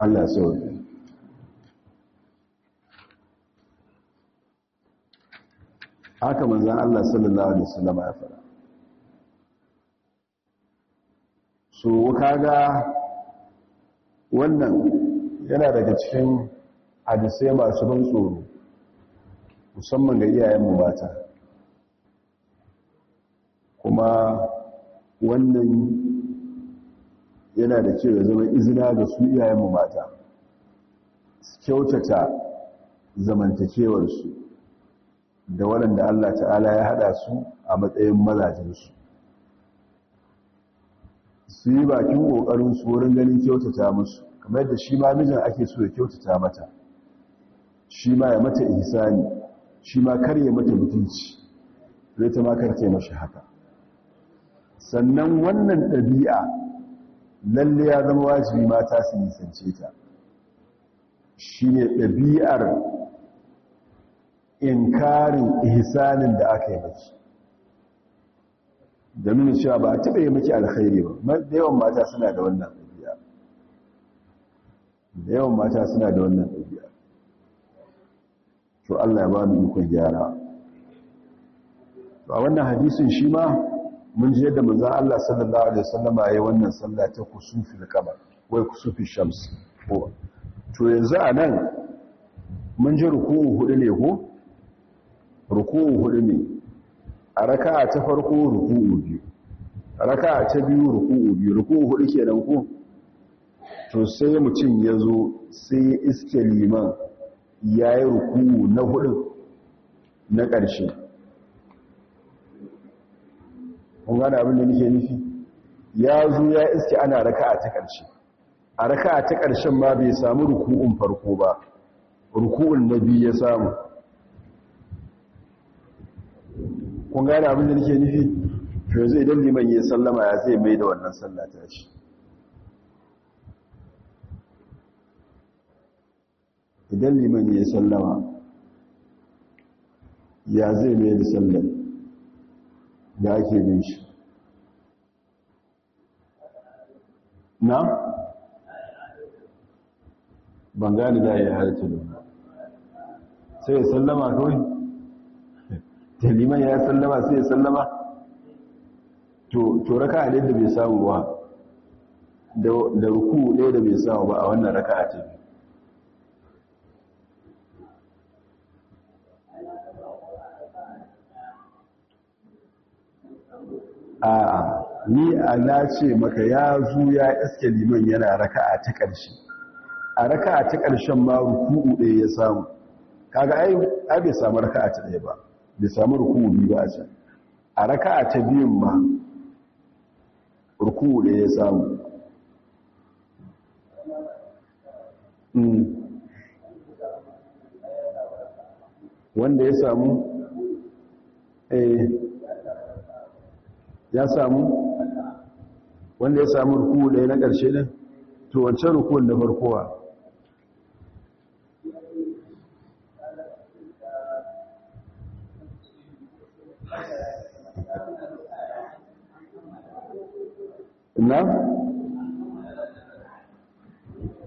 Allah so haka manzan Allah sallallahu alaihi wasallam ya fara so kaga wannan yana daga cikin hadisai masu ban tsoro musamman ga iyayenmu mata kuma wannan yana da kyau ya zama izina ga su mu mata su kyautata zamantakewarsu da waɗanda Allah ta'ala ya haɗa su a matsayin mazajensu su yi bakin ƙoƙarin su wurin ganin kyautata musu kamar yadda shi ma mijin ake so ya kyautata mata shi ma ya mata ihsani shi ma karye mata mutunci zai ta ma karke mashi haka sannan wannan ɗabi'a lalle ya zama wajibi mata su nisance ta shine ɗabi'ar inkarin ihsanin da aka yi miki da nuna cewa ba a taɓa yi miki alkhairi ba da yawan mata suna da wannan ɗabi'a yawan mata suna da wannan ɗabi'a to Allah ya ba mu ikon gyara to a wannan hadisin shi ma mun ji yadda manzan Allah sallallahu alaihi wasallama yayin wannan sallah ta kusufil qamar wai kusufi shams ko to yanzu anan mun ji ruku'u hudu ne ko ruku'u hudu ne a raka'a ta farko ruku'u biyu raka'a ta biyu ruku'u biyu ruku'u hudu kenan ko to sai mutum ya zo sai ya iske liman ya yi ruku'u na hudu na ƙarshe kun gane abin da nake nufi ya zo ya iske ana a ta ƙarshe a a ta ƙarshen ma bai samu ruku'un farko ba ruku'un na biyu ya samu kun gane abin da nake nufi to zai idan liman ya sallama ya zai mai da wannan sallata shi idan liman ya sallama ya zai mai da sallama da ake bin shi na ban gani za a yi harci da sai ya sallama kawai taliman ya sallama sai ya sallama to raka a da bai samu ba da ruku ɗaya da bai samu ba a wannan raka a tafi a'a ni a na ce maka ya zu ya iske liman yana raka'a ta ƙarshe a raka'a ta ƙarshen ma ruku'u ɗaya ya samu kaga ai bai samu raka'a ta ɗaya ba bai samu ruku'u biyu ba a can a raka'a ta biyun ma ruku'u ɗaya ya samu hmm. wanda ya samu eh ya samu wanda ya samu ruku da na ƙarshe ne to wancan rukun da farkowa na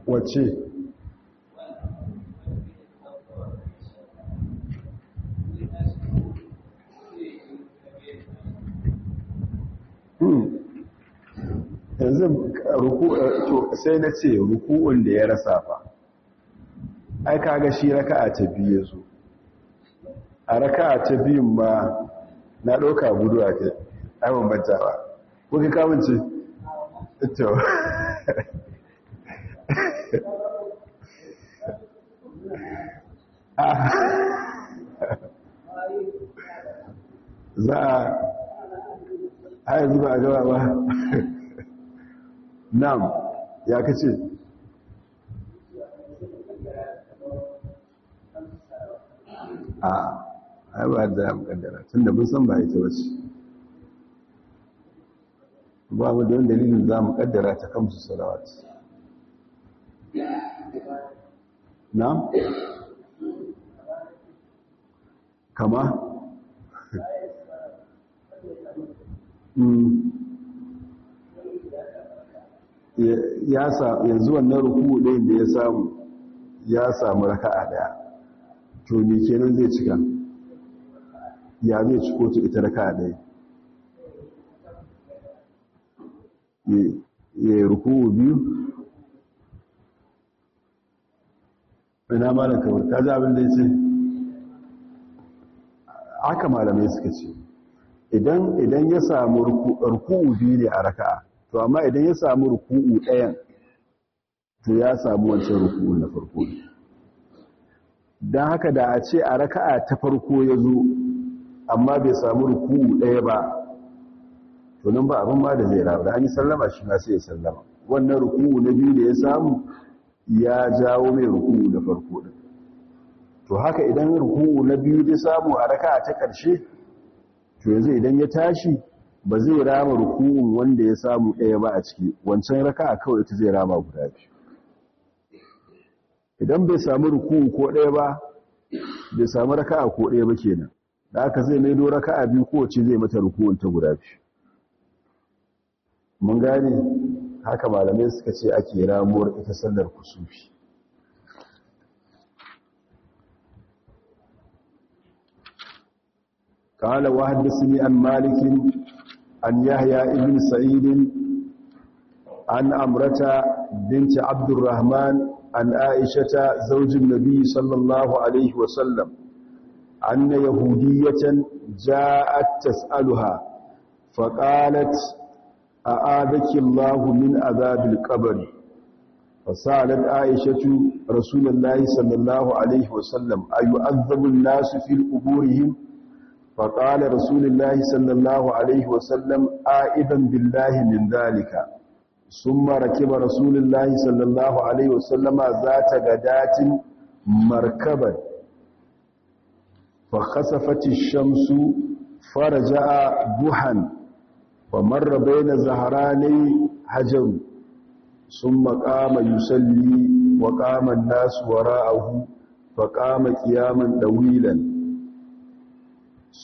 wace yanzu eh, sai na ce ruku'un da ya rasa fa ai kaga shi raka'a ta biyu ya zo a raka'a ta biyun ma na ɗauka gudu a kai aibon banta ba kuka kamance ito ah. za a yanzu ba a gaba ba Nam ya kace a ai ba da mukaddara tunda mun san ba ita wace ba mu da dalilin za mu kaddara ta kamsu salawat Nam? kama hmm. ya sa yanzu wannan ruku ɗin da ya samu ya samu raka'a daya to me kenan zai cika ya zai ciko ta ita raka'a daya ya ruku biyu ina mara kawai ta ji abin da ya ce Aka malamai suka ce idan ya samu ruku biyu ne a raka'a to amma idan ya samu ruku'u ɗayan to ya samu wancan ruku'u na farko don haka da a ce a raka'a ta farko ya zo amma bai samu ruku'u ɗaya ba to nan ba abin ma da zai rabu da an yi sallama shi ma sai ya sallama wannan ruku'u na biyu da ya samu ya jawo mai ruku'u na farko ɗin to haka idan ruku'u na biyu ya samu a raka'a ta ƙarshe to yanzu idan ya tashi ba zai rama ruku'un wanda ya samu ɗaya ba a ciki wancan raka a kawai ita zai rama guda biyu idan bai samu ruku'u ko ɗaya ba bai samu raka'a ko ɗaya ba kenan da aka zai maido raka'a biyu kowace zai mata ruku'un ta guda biyu mun gane haka malamai suka ce ake ramuwar ita sallar kusufi قال وحدثني عن مالك an yahya ibn sa'idin an amrata binti abdurrahman an aishata zaujin nabi sallallahu alaihi wasallam anna yahudiyatan ja'at tas'aluha fa qalat a'adaki allah min adabil ƙabari. Fasalar aishatu rasulullahi sallallahu alaihi wasallam ayu'adhabu an-nas fil quburihim فقال رسول الله صلى الله عليه وسلم آئبا بالله من ذلك ثم ركب رسول الله صلى الله عليه وسلم ذات غداة مركبا فخسفت الشمس فرجع ضحا ومر بين زهراني حجر ثم قام يسلي وقام الناس وراءه فقام قياما طويلا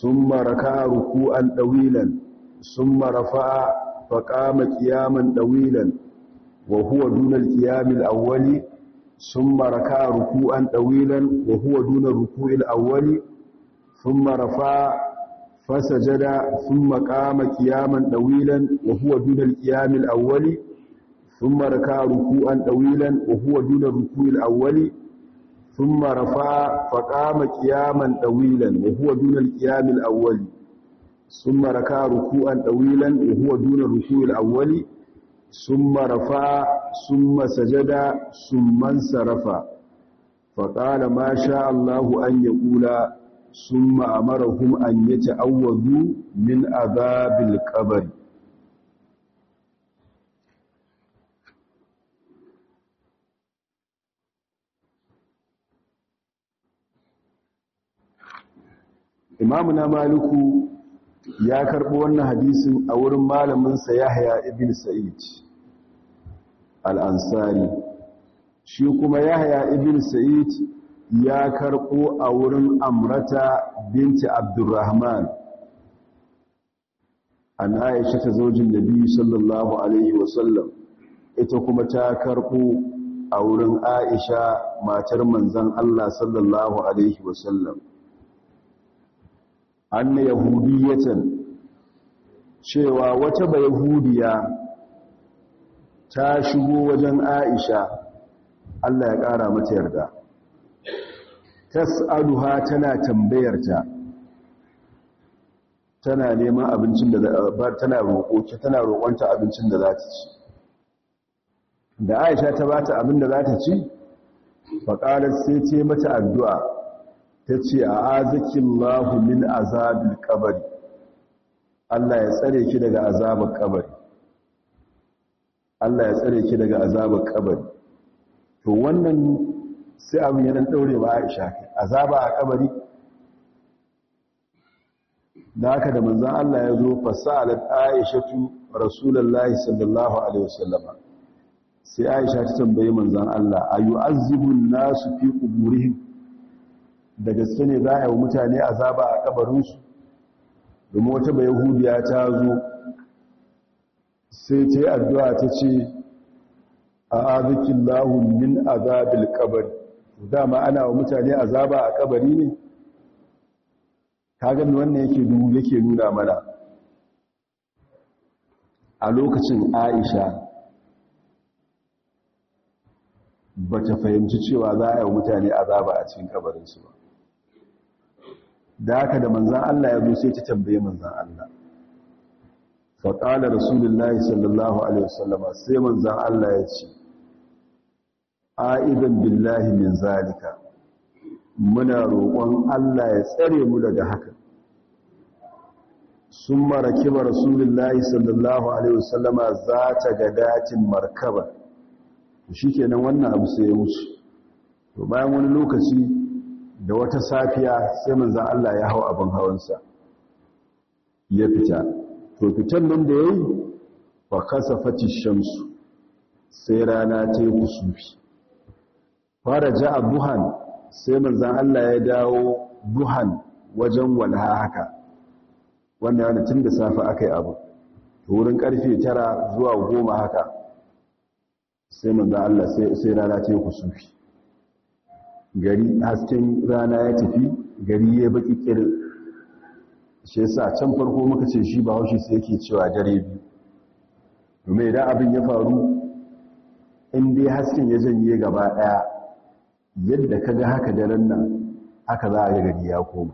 ثم ركع ركوعا طويلا ثم رفع فقام قياما طويلا وهو دون القيام الأول ثم ركع ركوعا طويلا وهو دون الركوع الأول ثم رفع فسجد ثم قام قياما طويلا وهو دون القيام الأول ثم ركع ركوعا طويلا وهو دون الركوع الأول sun marafa faƙama ƙiyaman ɗawilan da huwa dunar ƙiyamil awwali sun maraka ruku'an ɗawilan da huwa dunar ruku'il awwali sun marafa sun masajada, jada sun mansa rafa faƙala ma sha Allah an ya ƙula sun ma'amara hum an yace min azabil ƙabari imamu na maliku ya karɓi wannan hadisin a wurin malaminsa yahya ibn sa'id al'ansari shi kuma yahya ibn sa'id ya karɓo a wurin amrata binti abdurrahman an aisha ta zaujin nabi sallallahu alaihi wasallam ita kuma ta karɓo a wurin aisha matar manzan allah sallallahu alaihi wasallam An anna yahudiyatan cewa wata ba yahudiya ta shigo wajen aisha Allah ya ƙara mata yarda tas'aluha tana tambayarta tana neman abincin da za tana roƙoki tana roƙonta abincin da za ta ci da aisha ta ba ta abin da za ta ci faƙarar sai ce mata addu'a ta ce a azikin lahu azabin kabari Allah ya tsare ki daga azabar kabari Allah ya tsare ki daga azabar kabari to wannan sai abu ya dan daure ba Aisha kai azaba a kabari da haka da manzan Allah ya zo fasalat Aisha tu Rasulullahi sallallahu alaihi wasallam sai Aisha ta tambaye manzan Allah ayu azibun nasu fi quburihim da gaske ne za a yi mutane azaba a kabarinsu domin wata bai yahudiya ta zo sai ta yi addu'a ta ce a azikin lahun min azabil kabari dama ana wa mutane azaba a kabari ne kagan wannan yake yake nuna mana a lokacin aisha ba ta fahimci cewa za a yi mutane azaba a cikin kabarinsu ba da haka da manzan Allah ya zo sai ta tambaye manzan Allah faƙalar rasulullahi sallallahu alaihi wasallama sai manzan Allah ya ce a'idan billahi min zalika muna roƙon Allah ya tsare mu daga haka sun ba rasulullahi sallallahu alaihi wasallama za ta ga dacin markaba shi kenan wannan abu sai ya wuce bayan wani lokaci da wata safiya sai manzan Allah ya hau abin hawansa ya fita to fitan nan da ya yi ba kasa faci shamsu sai rana ta yi kusufi fara ja a sai manzan Allah ya dawo buhan wajen walha haka wanda yana tun da safe aka yi abu to wurin karfe tara zuwa goma haka sai manzan Allah sai rana ta yi kusufi gari hasken rana ya tafi gari ya baki kir shi yasa can farko muka ce shi ba haushi sai yake cewa dare biyu domin idan abin ya faru in dai hasken ya janye gaba daya yadda kaga haka daren nan haka za a ga gari ya koma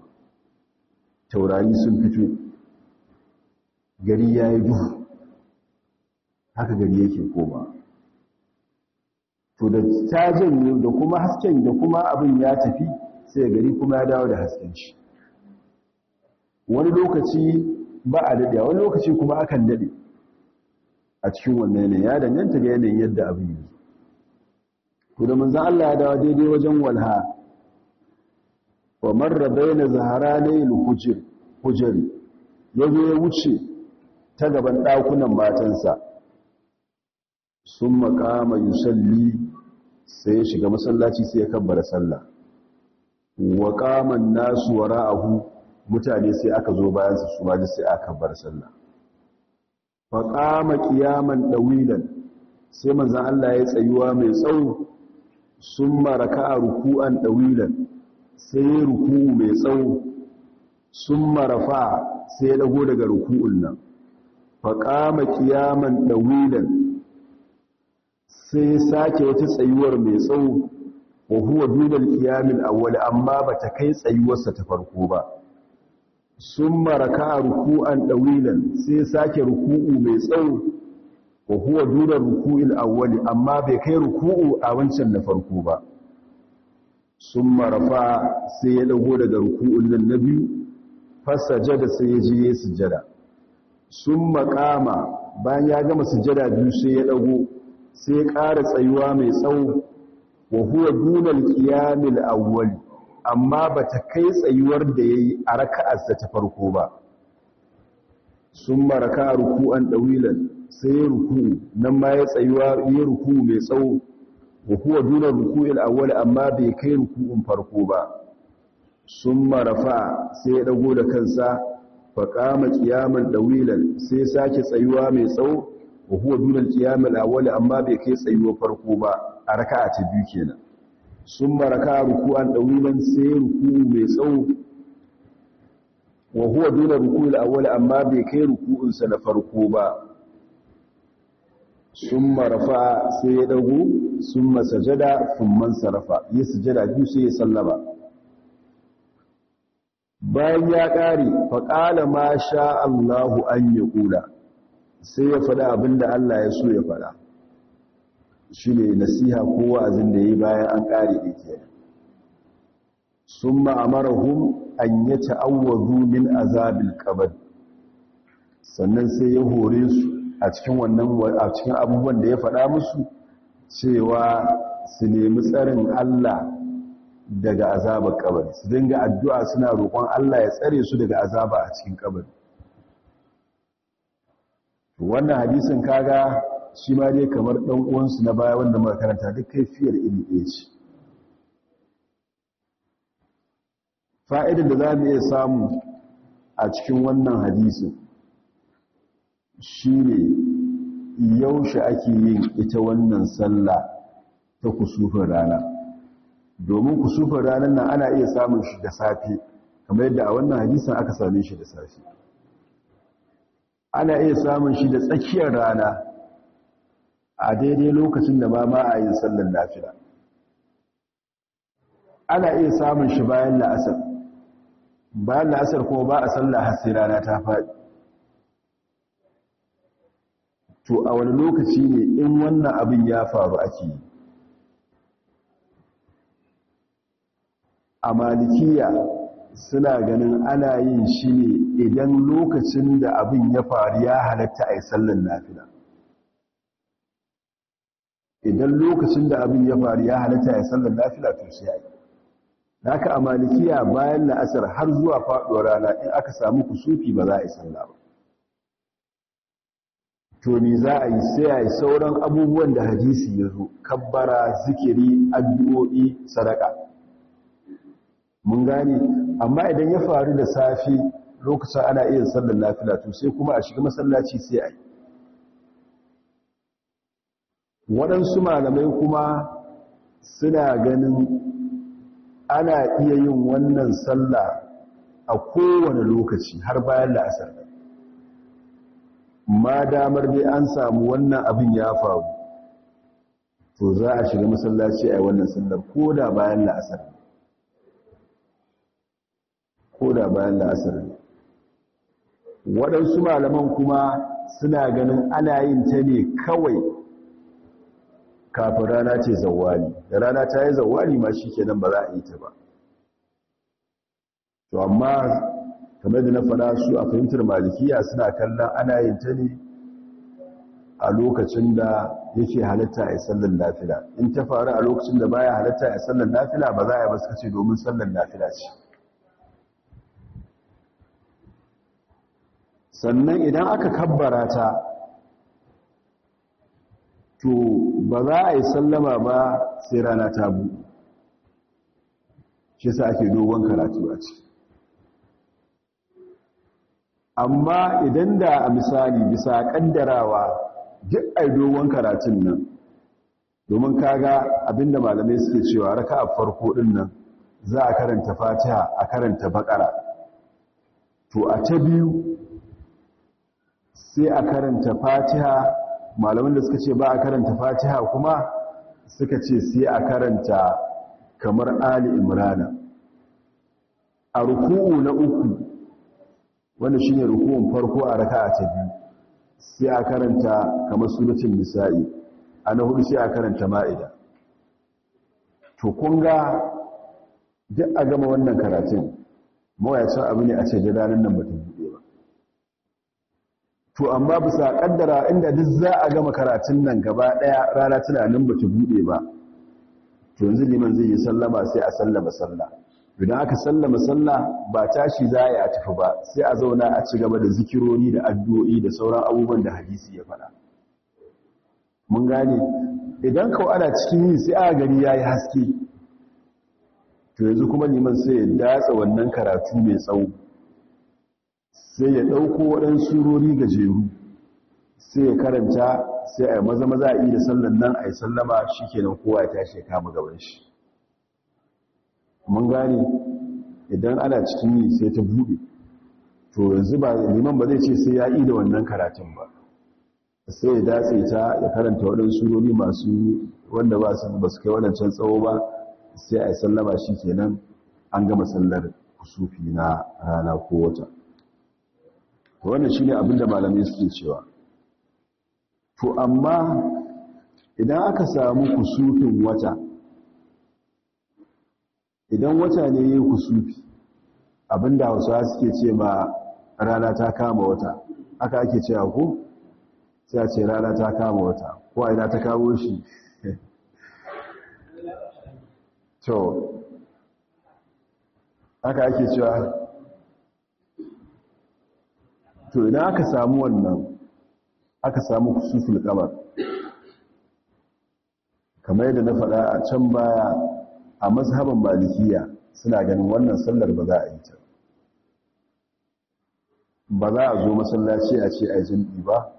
taurari sun fito gari ya yi duhu haka gari yake koma to da ta janyo da kuma hasken da kuma abin ya tafi sai gari kuma ya dawo da hasken shi wani lokaci ba a daɗe wani lokaci kuma akan daɗe a cikin wannan yanayi, ya danganta ga yanayin yadda abin yi to da manzan Allah ya dawo daidai wajen walha wa marra bayna zaharanayn hujr hujri yazo ya wuce ta gaban ɗakunan matansa sun makama yusalli sai ya shiga masallaci sai ya kabbara sallah wa qaman nasu wara'ahu mutane sai aka zo bayan su kuma sai aka kabbara sallah fa qama qiyaman dawilan sai manzon Allah ya tsayuwa mai tsawo summa raka'a ruku'an dawilan sai ya ruku'u mai tsawo summa rafa sai ya dago daga ruku'un nan fa qama qiyaman dawilan sai ya sake wata tsayuwar mai tsawo wa huwa dunal qiyamil awwal amma bata kai tsayuwarsa ta farko ba summa raka'a ruku'an dawilan sai ya sake ruku'u mai tsawo wa huwa ruku'in ruku'il awwal amma bai kai ruku'u a wancan na farko ba sun marafa sai ya dago daga ruku'un nan na biyu fasajada sai ya je ya sujada sun maƙama, bayan ya gama sujada biyu sai ya dago sai ƙara tsayuwa mai tsawo wa huwa dunal qiyamil awwal amma bata kai tsayuwar da yayi a da ta farko ba summa raka'a ruku'an dawilan sai ya ruku nan ma ya tsayuwa ya ruku mai tsawo wa huwa dunal ruku'il awwal amma bai kai ruku'un farko ba summa rafa'a sai ya dago da kansa fa qama qiyaman dawilan sai sake tsayuwa mai tsawo wa huwa dunal qiyam al-awwal amma bai kai tsayuwa farko ba a raka'a ta biyu kenan sun baraka ruku'an dawilan sai ruku'u mai tsawo wa huwa dunal ruku'il awwal amma bai kai ruku'un sa na farko ba sun marafa sai ya dago sun masajada sun mansarafa ya sujada biyu sai ya sallama bayan ya ƙare faƙala ma sha Allahu an ya sai ya faɗa abin da Allah ya so ya faɗa shi ne nasiha ko wa'azin da ya yi bayan an ƙare da ke sun ma'amarahun an yi ta'awwazu min azabil ƙabar sannan sai ya hore su a cikin abubuwan da ya faɗa musu cewa su nemi tsarin Allah daga azabar ƙabar su dinga addu'a suna roƙon Allah ya tsare su daga azaba a cikin ƙabar wannan hadisin kaga shi ma dai kamar ɗan uwansu na baya wanda muka karanta duk kaifiyar iri ɗaya ce fa'idar da za mu iya samu a cikin wannan hadisin shi ne yaushe ake yin ita wannan sallah ta kusufin rana domin kusufin ranar nan ana iya samun shi da safe kamar yadda a wannan hadisin aka same shi da safe ana iya samun shi da tsakiyar rana a daidai lokacin da ba ma a yin sallar lafira ana iya samun shi bayan la'asar bayan la'asar ko ba a sallar har rana ta faɗi to a wani lokaci ne in wannan abin ya faru ake yi a malikiya suna ganin ana yin shi ne idan lokacin da abin ya faru ya halatta a yi sallan nafila idan lokacin da abin ya faru ya halatta a yi sallan nafila to sai yi haka a malikiya bayan la'asar har zuwa faɗuwar rana in aka samu kusufi ba za a yi salla ba to ne za a yi sai a yi sauran abubuwan da hadisi ya zo kabbara zikiri addu'o'i sadaka mun gane amma idan ya faru da safi lokacin ana iya sallar lafila to sai kuma a shiga masallaci sai a yi waɗansu malamai kuma suna ganin ana iya yin wannan sallah a kowane lokaci har bayan la'asar ma damar dai an samu wannan abin ya faru to za a shiga masallaci a yi wannan sallar ko da bayan la'asar ko da bayan la'asar waɗansu malaman kuma suna ganin ana yin ta ne kawai kafin rana ce zawali da rana ta yi zawali ma shi kenan ba za a yi ta ba to amma kamar da na fara su a fahimtar malikiya suna kallon ana yin ta ne a lokacin da yake halitta a sallan nafila in ta faru a lokacin da baya halitta a sallar nafila ba za a yi ba suka ce domin sallar nafila ce sannan idan aka kabbara ta to ba za a yi sallama ba sai rana ta bu shi sa ake dogon karatu a ce. amma idan da a misali bisa kaddarawa duk a dogon karatun nan domin kaga abinda malamai suke cewa raka a farko din nan za a karanta fatiha a karanta bakara to a ta biyu sai a karanta fatiha malamin da suka ce ba a karanta fatiha kuma suka ce sai a karanta kamar ali imrana a ruku'u na uku wanda shi ne ruku'un farko a raka a ta biyu sai a karanta kamar sunatun nisa'i a na hudu sai a karanta ma'ida to kunga duk a gama wannan karatun mawayacin abu ne a ce jiranin nan mutum to amma bisa kaddara inda duk za a gama karatun nan gaba daya rana tunanin ba ta bude ba to yanzu liman zai yi sallama sai a sallama sallah idan aka sallama sallah ba tashi za a tafi ba sai a zauna a ci gaba da zikironi da addu'o'i da sauran abubuwan da hadisi ya faɗa mun gane idan ka ana cikin yi sai a gari ya yi haske to yanzu kuma liman sai ya datsa wannan karatu mai tsawo sai ya ɗauko waɗansu surori gajeru sai ya karanta sai a maza maza a iya sallan nan a yi sallama shi kenan kowa ya tashi ya kama gaban shi mun gane idan ana cikin yi sai ta buɗe to yanzu ba liman ba zai ce sai ya yi da wannan karatun ba sai ya datse ta ya karanta waɗansu surori masu wanda ba su ba su kai wadancan tsawo ba sai a yi sallama shi kenan an gama sallar kusufi na rana ko wata wannan shi ne abinda malamai suke cewa to amma idan aka samu kusufin wata idan wata ne ya yi kusufi abinda hausawa suke ce ma rana ta kama wata aka ake cewa ko sai a ce rana ta kama wata ko a ina ta kawo shi to aka ake cewa to ina aka samu wannan aka samu kususul kamar kamar yadda na faɗa a can baya a mazhaban malikiya suna ganin wannan sallar ba za a yi ta ba za a zo masallaci a ce a jimbi ba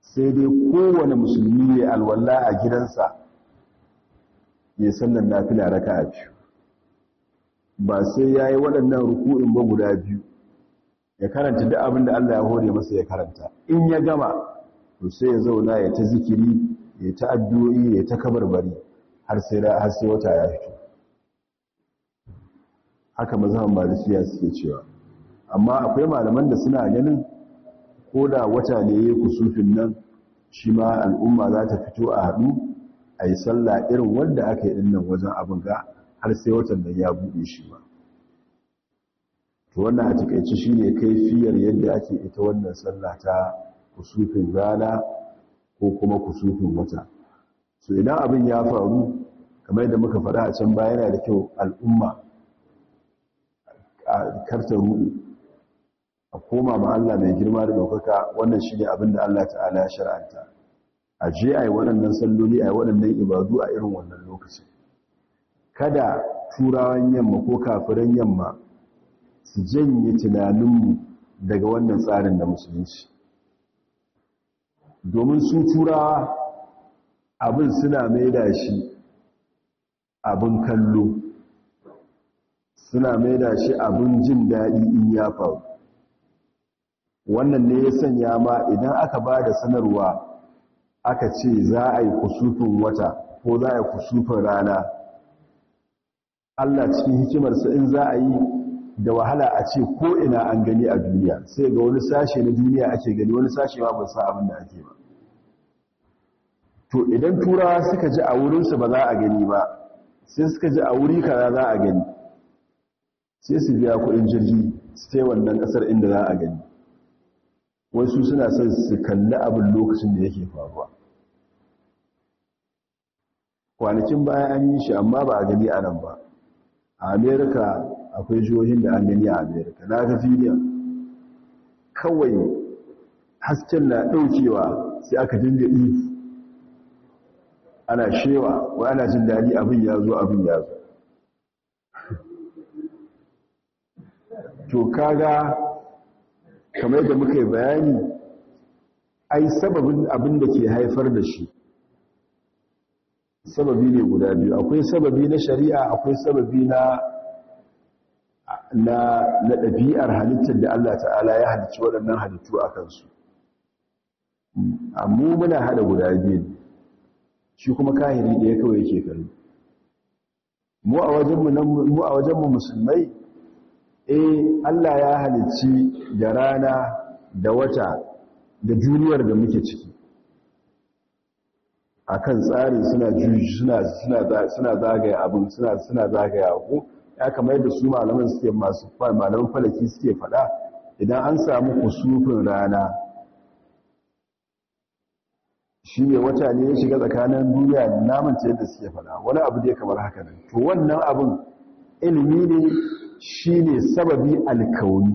sai dai kowane musulmi ya alwala a gidansa ya sallar nafila raka a biyu ba sai ya yi waɗannan ruku'in ba guda biyu ya karanta duk abin da Allah ya hore masa ya karanta in ya gama to sai ya zauna ya ta zikiri ya ta addu'o'i ya ta kabarbari har sai har sai wata ya fito haka mazhaban malikiya suke cewa amma akwai malaman da suna ganin koda wata ne yayi kusufin nan shi ma al'umma za ta fito a haɗu a sallah irin wanda aka yi dinnan wajen abin ga har sai watan nan ya buɗe shi ba wannan a takaice shine kaifiyar yadda ake ita wannan sallah ta kusufin rana ko kuma kusufin wata so idan abin ya faru kamar yadda muka faɗa a can baya yana da kyau al'umma a karta ruɗu a koma ma Allah mai girma da ɗaukaka wannan shine ne abin da Allah ta'ala ya shar'anta a je a yi waɗannan salloli a yi waɗannan ibadu a irin wannan lokacin kada turawan yamma ko kafiran yamma su janye tunaninmu daga wannan tsarin da musulunci domin su turawa abin suna maida shi abin kallo suna maida shi abin jin daɗi in ya faru wannan ne ya sanya ma idan aka ba da sanarwa aka ce za a yi kusufin wata ko za a yi kusufin rana Allah cikin hikimarsa in za a yi da wahala a ce ko ina an gani a duniya sai ga wani sashe na duniya ake gani wani sashe ba sa abin da ake ba to idan turawa suka ji a wurinsu ba za a gani ba sai suka ji a wuri ka za a gani sai su biya kuɗin jirgi sai wannan ƙasar inda za a gani wasu suna son su kalli abin lokacin da yake faruwa kwanakin baya an yi shi amma ba a gani a nan ba a amerika akwai jihohin da an gani a america na ga filiya kawai hasken na ɗaukewa sai aka dinga yi ana shewa wa ana jin daɗi abin ya zo abin ya zo to kaga kamar da muka yi bayani ai sababin abin da ke haifar da shi sababi ne guda biyu akwai sababi na shari'a akwai sababi na na ɗabi'ar halittar da Allah ta'ala ya halicci waɗannan halittu a kansu amma muna haɗa guda biyu shi kuma kahiri da ya kawai yake kallo mu a wajenmu mu musulmai eh Allah ya halicci da rana da wata da duniyar da muke ciki akan tsarin suna juji suna suna zagaya abin suna zagaya ko ya kamar da su malaman suke masu malaman falaki suke fada idan an samu kusufin rana shi ne wata ne ya shiga tsakanin duniya da namance yadda suke fada wani abu da kamar haka nan to wannan abin ilimi ne shi ne sababi alkauni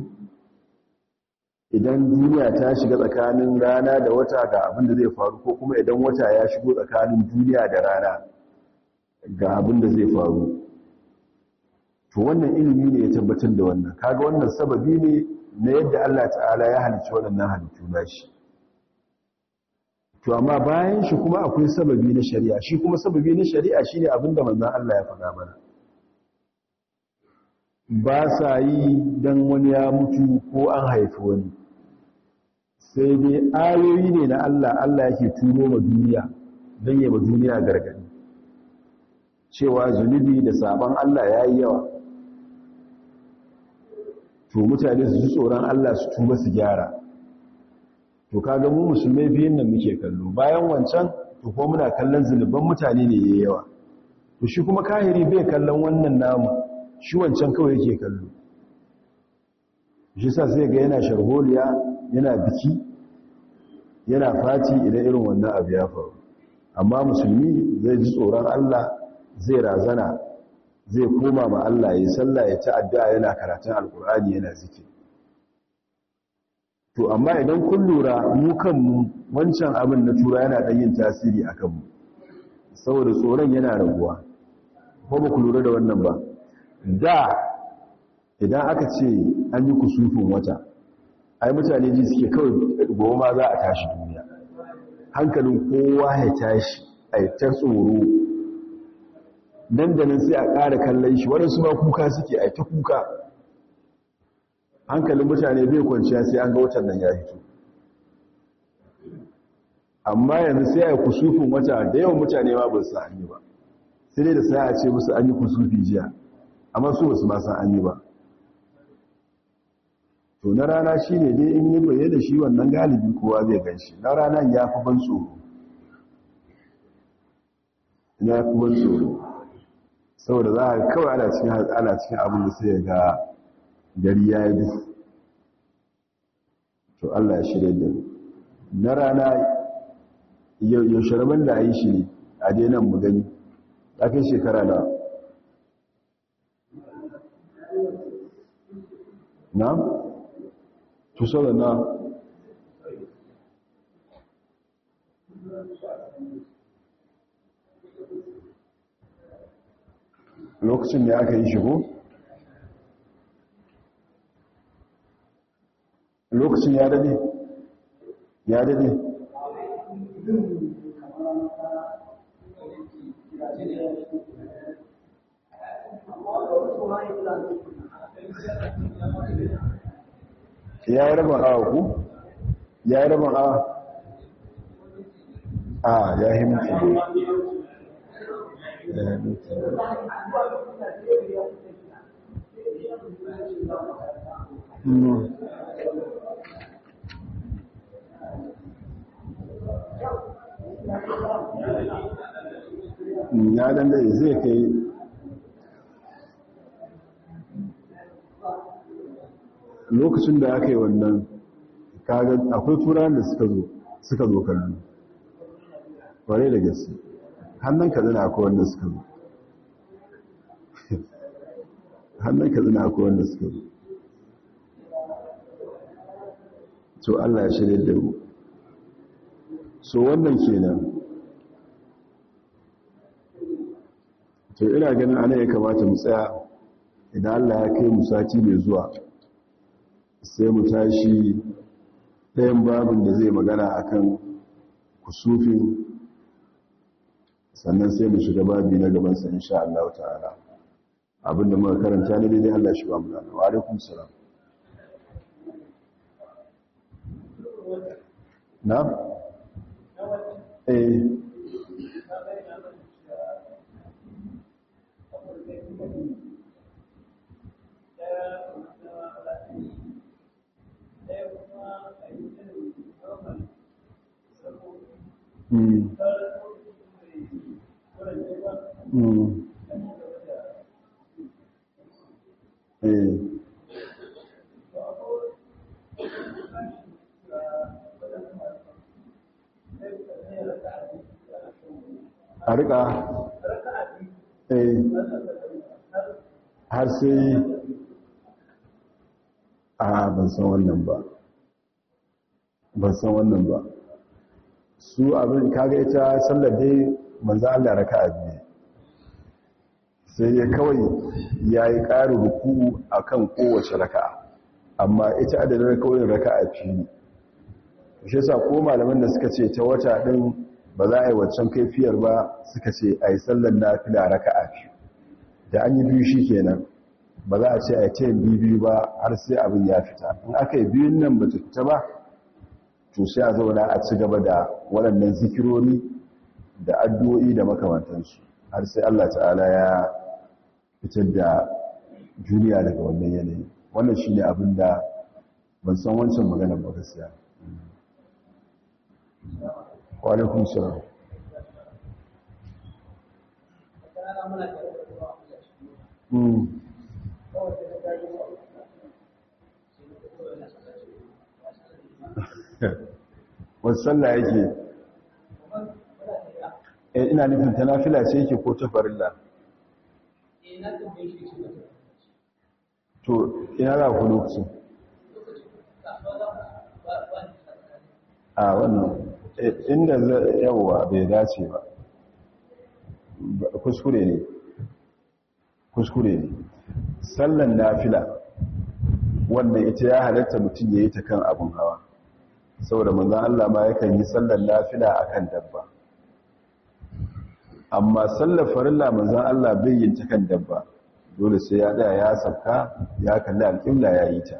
idan duniya ta shiga tsakanin rana da wata ga abin da zai faru ko kuma idan wata ya shigo tsakanin duniya da rana ga abin da zai faru to wannan ilimi ne ya tabbatar da wannan kaga wannan sababi ne na yadda Allah ta'ala ya halicci waɗannan halittu nashi to amma bayan shi kuma akwai sababi na shari'a shi kuma sababi na shari'a shine abinda manzon Allah ya faɗa mana ba sa yi dan wani ya mutu ko an haifi wani sai dai ayoyi ne na Allah Allah yake turo ma duniya dan yi ma duniya gargadi cewa zunubi da sabon Allah yayi yawa to mutane su ji tsoron Allah su tuba su gyara to kaga mu musulmai biyun nan muke kallo bayan wancan to ko muna kallon zunuban mutane ne yayi yawa to shi kuma kahiri bai kallon wannan namu shi wancan kawai yake kallo shi sa sai ga yana sharholiya yana biki yana fati idan irin wannan abu ya faru amma musulmi zai ji tsoron Allah zai razana zai koma ma Allah ya sallah ya ci addu'a yana karatun alkur'ani yana zikin. to amma idan kun lura mu wancan abin na tura yana ɗan yin tasiri a kanmu saboda tsoron yana raguwa ko ba ku lura da wannan ba da idan aka ce an yi kusufin wata ai mutane ji suke kawai goma za a tashi duniya hankalin kowa ya tashi ai tsoro Nan da nan sai a ƙara kallon shi waɗansu ba kuka suke a ta kuka hankalin mutane bai kwanciya sai an ga watan nan ya hito amma yanzu sai a kusufin wata da yawan mutane ma ba su an yi ba sai dai da sai a ce musu an yi kusufi jiya amma su basu ma san an yi ba to na rana shi ne dai in yi baye da shi wannan galibi kowa zai gan shi na rana ya fi ban tsoro ya fi ban tsoro saboda za a kawai ana cikin ana cikin abin da sai ga gari ya yi to Allah ya shirya da na rana yaushe rabin da a yi shi a denan mu gani a kai shekara na na? to saboda na lokacin da aka yi shigo lokacin ya dade ya dade ya yi rabin awa ku ya yi rabin awa a ah, ya yi mutu ya dan zai kai lokacin da aka yi wannan kaga akwai turan da suka zo suka kwarai da gaske hannun ka zina akwai wanda suka zo hannun ka zina ko wanda suka zo to Allah ya shirya da mu so wannan kenan to ina ganin ana ya kamata mu tsaya idan Allah ya kai mu sati mai zuwa sai mu tashi ɗayan babin da zai magana akan kusufin sannan sai mu shiga babi na gaban sa insha Allah ta'ala abinda muka karanta ne dai Allah shi ba mu da wa alaikum salam na eh Mm. Eh. a rika eh. har sai a ban san wannan ba ban san wannan ba su abin kaga ita sallar dai manzo Allah raka'a biyu sai ya kawai ya yi ƙari ruku a kan kowace raka'a amma ita adadin kawai raka'a fi shi sa ko malaman da suka ce ta wata ɗin ba za a yi waccan kaifiyar ba suka ce a yi sallan nafila raka'a fi da an yi biyu shi kenan ba za a ce a yi ta yin biyu ba har sai abin ya fita in aka yi biyun nan ba ta fita ba to sai a zauna a ci gaba da waɗannan zikirori da addu'o'i da makamantansu har sai Allah ta'ala ya fitar da juriya daga wannan yanayi wannan shi ne abin da ban san wancan magana ba gaskiya kwanakin hmm. wasu sallah yake eh, ina nufin ta fila ce yake ko ta farilla Eh, to ina za ku lokacin a wannan eh, inda yawwa bai dace ba kuskure ne kuskure ne sallan nafila wanda ita ya halatta mutum ya yi ta kan abin hawa saboda manzan Allah ma kan yi sallan nafila kan dabba amma sallar farilla manzan Allah bai yin ta kan dabba dole sai ya daya ya safka ya kalli alƙibla ya yi ta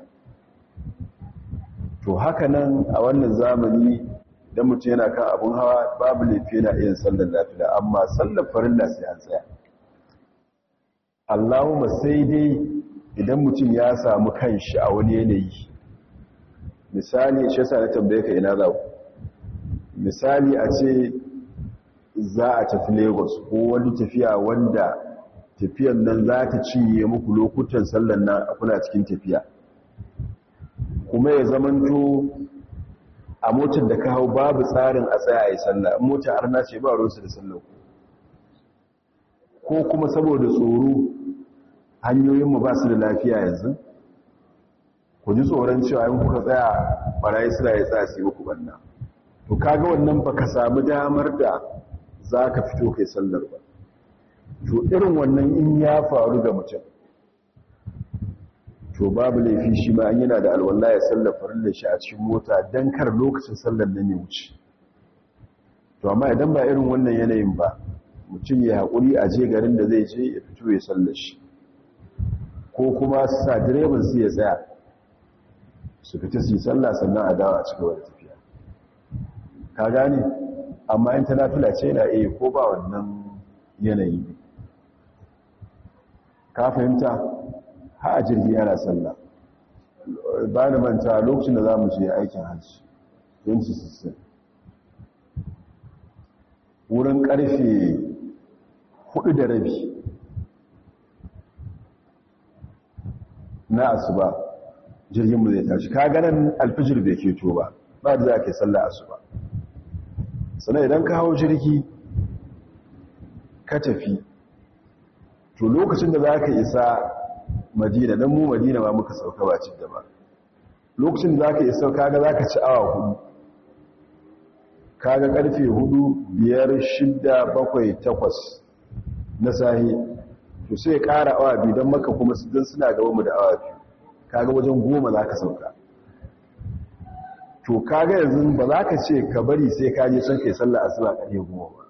to haka nan a wannan zamani da mutum yana kan abin hawa babu laifi yana iya sallar lafiya amma sallar farilla sai an tsaya Allahumma sai dai idan mutum ya samu kanshi a wani yanayi misali shi yasa na tambaye ka ina za misali a ce za a tafi lagos ko wani tafiya wanda tafiyan nan za ta ciye muku lokutan sallan nan kuna cikin tafiya kuma ya zamanto a motar da ka hau babu tsarin a tsaya a yi sallah motar na ce ba ruwansu da sallah ko kuma saboda tsoro hanyoyinmu ba su da lafiya yanzu ku ji tsoron cewa yin kuka tsaya barayi suna ya tsaya su yi muku banna to kaga wannan baka samu damar da za ka fito kai sallar ba to irin wannan in ya faru ga mutum to babu laifi shi ma yana da alwala ya sallar farin da shi a cikin mota don kar lokacin sallar nan ya wuce to amma idan ba irin wannan yanayin ba mutum ya haƙuri a je garin da zai je ya fito ya sallar shi ko kuma sa direban su ya tsaya su fita su yi sallah sannan a dawo a cikin wani tafiya ka gane amma in ta nafila ce yana iya ko ba wannan yanayi ka fahimta ha a jirgi yana sallah ba da manta lokacin da za mu je aikin hajji sassan wurin karfe 4 da rabi na asuba jirgin mu zai tashi ka ganin alfijir bai keto ba ba da za ka yi sallah asuba sannan idan ka hau shirki, ka tafi to lokacin da za ka isa madina don mu madina ba muka sauka ba da ba lokacin da za ka isa kaga za ka ci awa hudu kaga karfe hudu biyar shida bakwai takwas na sahi to sai ya kara awa biyu don maka kuma don suna gaba mu da awa biyu kaga wajen goma za ka sauka to kaga yanzu ba za ka ce ka bari sai ka je san kai sallah asuba kare goma ba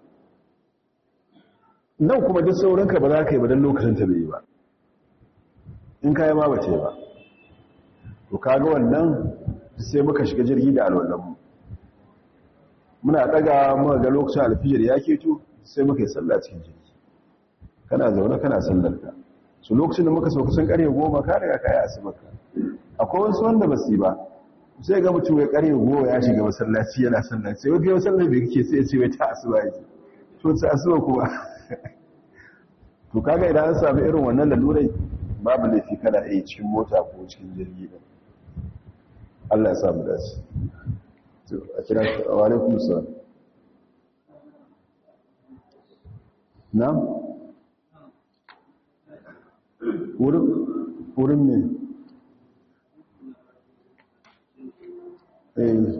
nan kuma duk ka ba za ka yi ba don lokacin ta bai ba in ka yi ma bace ba to kaga wannan sai muka shiga jirgi da mu muna daga muka ga lokacin alfijir ya to sai muka yi sallah cikin jirgi kana zaune kana sallar ka su lokacin da muka sauka sun kare goma ka daga kaya ka akwai wasu wanda ba su yi ba sai ga mutum ya kare goma ya shiga masallaci yana sallaci wani ga masallaci bai kake sai ya ce wai ta asuba yake to ta asuba kuma to kaga idan an samu irin wannan lalurai babu laifi a yi cikin mota ko cikin jirgi ba Allah ya sa mu dace to a kira wa alaikum assalam na'am wurin wurin ne Eh. Hmm.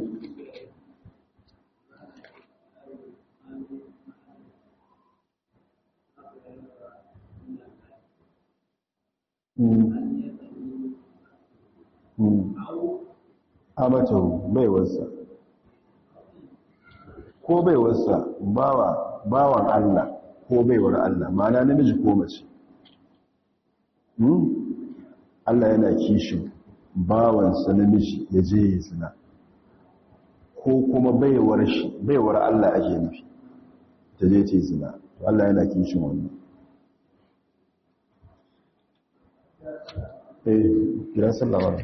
Hmm. Hmm. amatahu baiwarsa ko baiwarsa bawan Allah ko baiwar Allah mana namiji ko mace Allah yana kishin bawansa namiji ya je ya zina ko kuma baiwar shi baiwar Allah ake nufi ta je ta zina to Allah yana kishin wannan eh kira sallama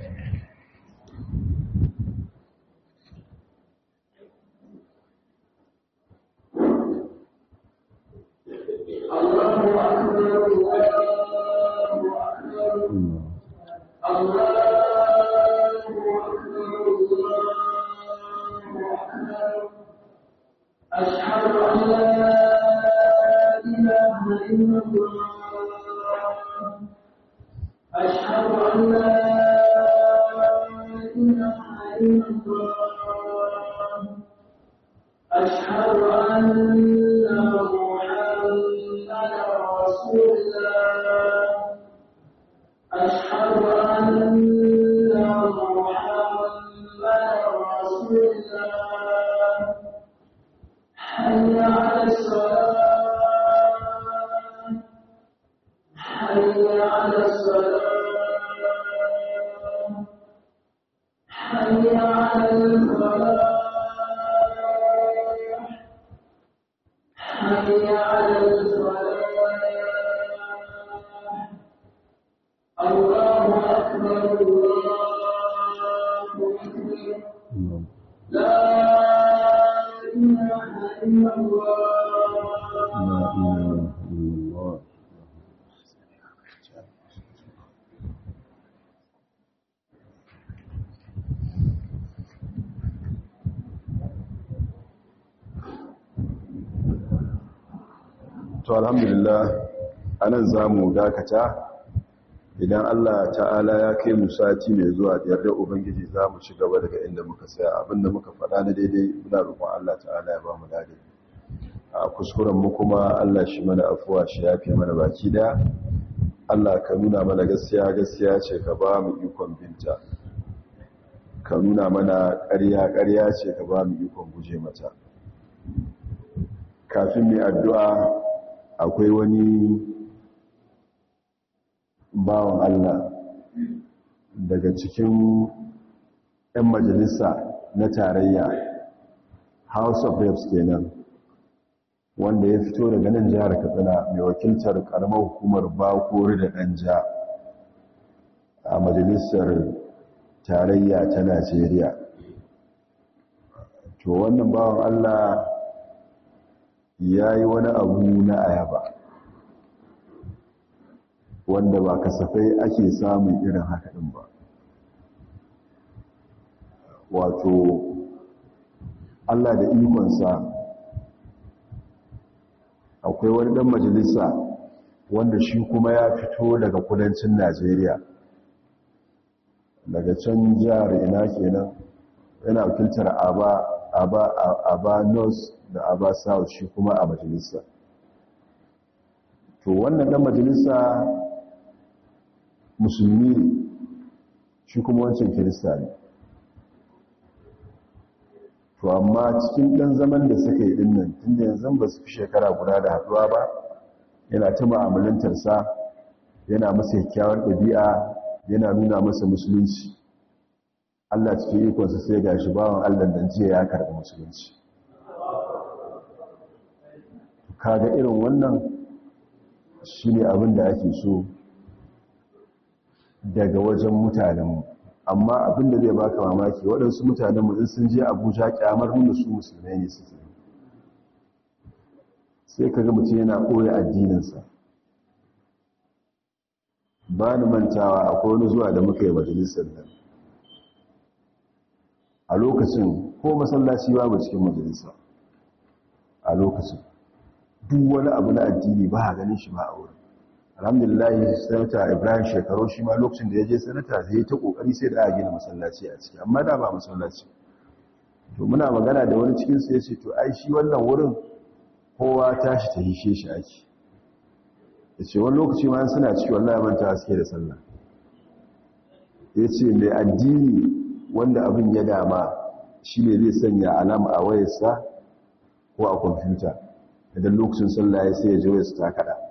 Allahu akbar Allahu akbar Allah الله dakata idan Allah ta'ala ya kai mu sati mai zuwa da yarda ubangiji za mu ci gaba daga inda muka tsaya abinda muka faɗa na daidai muna roƙon Allah ta'ala ya ba mu dade a kuskuren mu kuma Allah shi mana afuwa shi ya fi mana baki da Allah ka nuna mana gaskiya gaskiya ce ka ba mu ikon binta ka nuna mana ƙarya ƙarya ce ka ba mu ikon guje mata kafin mai addu'a akwai wani bawan Allah daga cikin 'yan majalisa na tarayya house of reps kenan wanda ya fito daga nan jihar katsina mai wakiltar karamar hukumar bakori da Ɗanja, a majalisar tarayya ta najeriya to wannan bawan allah ya yi wani abu na ayaba wanda ba kasafai ake samun irin haka ɗin ba wato allah da ikonsa akwai wani ɗan majalisa wanda shi kuma ya fito daga kudancin najeriya daga can jihar ina kenan yana wakiltar aba aba aba north da aba south shi kuma a majalisa to wannan ɗan majalisa musulmi shi kuma wancan kirista ne to amma cikin ɗan zaman da suka yi din tun da yanzu ba su fi shekara guda da haɗuwa ba yana ta ma'amalantarsa yana masa kyakkyawar ɗabi'a yana nuna masa musulunci allah cikin ikonsa sai ga shi bawan allah da jiya ya karɓi musulunci kaga irin wannan shi ne abin da ake so daga wajen mutanenmu amma abin da zai baka mamaki waɗansu mutanenmu in sun je abuja kyamar da su musulmai ne suke sai ka ga mutum yana ɓoye addininsa ba ni mantawa akwai wani zuwa da muka yi majalisar nan a lokacin ko masallaci babu cikin majalisa a lokacin duk wani abu na addini ba a ganin shi ba a wurin alhamdulillah sanata ibrahim shekaru shi ma lokacin da ya je sanata zai ta kokari sai da a gina masallaci a ciki amma da ba masallaci to muna magana da wani cikin sai ce to ai shi wannan wurin kowa tashi ta hishe shi ake ya ce wani lokaci ma suna ciki wallahi ta haske da sallah ya ce mai addini wanda abin ya dama shi ne zai sanya alam a wayarsa ko a kwamfuta idan lokacin sallah ya sai ya je wayarsa ta kada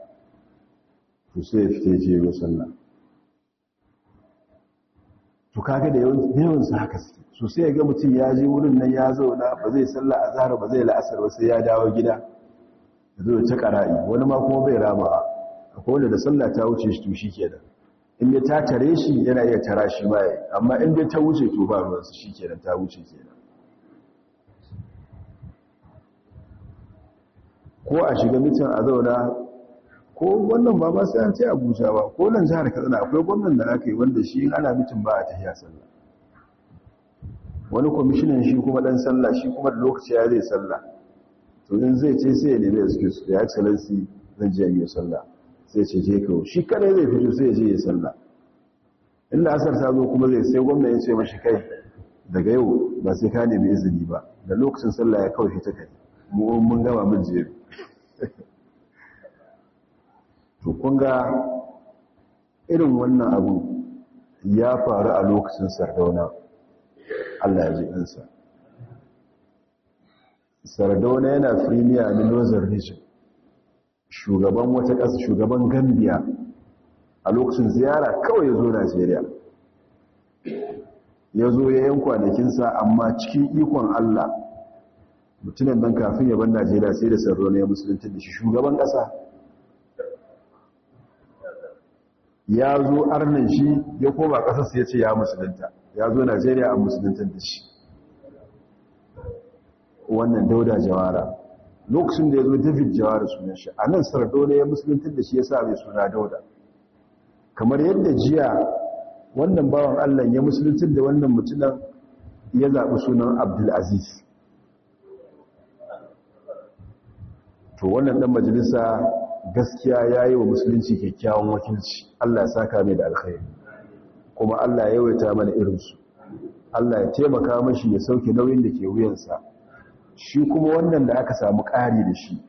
to sai fita je sallah to kaga da yawan su haka suke so sai ya ga mutum ya je wurin nan ya zauna ba zai sallah a zahar ba zai la'asar ba sai ya dawo gida da zo ta kara'i wani ma kuma bai rama akwai wanda da sallah ta wuce shi to shi kenan in ya ta tare shi yana iya tara shi ma amma in dai ta wuce to ba ruwan su shi kenan ta wuce kenan ko a shiga mutum a zauna ko wannan ba ba sai an ce abuja ba ko nan jihar katsina akwai gwamnan da aka yi wanda shi ana mutum ba a tafiya sallah wani kwamishinan shi kuma dan sallah shi kuma da lokaci ya zai sallah to in zai ce sai ya nemi excuse da excellency zan je yi sallah sai ce je kawo shi kadai zai fito sai ya je yi sallah inda asar ta zo kuma zai sai gwamnati ya ce mashi kai daga yau ba sai ka nemi izini ba da lokacin sallah ya kawai fita kai mu mun gama mun je to kunga irin wannan abu ya faru a lokacin sardauna allah ya ji ɗansa sardauna yana firimiya na northern region shugaban wata ƙasa shugaban gambia a lokacin ziyara kawai ya zo najeriya ya zo ya yan kwanakinsa amma cikin ikon allah mutumin nan kafin ya ban najeriya sai da sardauna ya musulunta da shi shugaban ƙasa ya zo arnin shi ya koma ƙasarsa ya ce ya musulunta ya zo najeriya a musuluntar da shi wannan dauda jawara lokacin da ya zo david jawara sunan shi a nan sardone ya musuluntar da shi ya sa mai suna dauda kamar yadda jiya wannan bawan allah ya musuluntar da wannan mutunan ya zaɓi sunan abdulaziz to wannan ɗan majalisa gaskiya ya yi wa musulunci kyakkyawan wakilci Allah ya saka mai da alkhairi kuma Allah ya yawaita mana irinsu Allah ya taimaka mashi ya sauke nauyin da ke wuyansa shi kuma wannan da aka samu ƙari da shi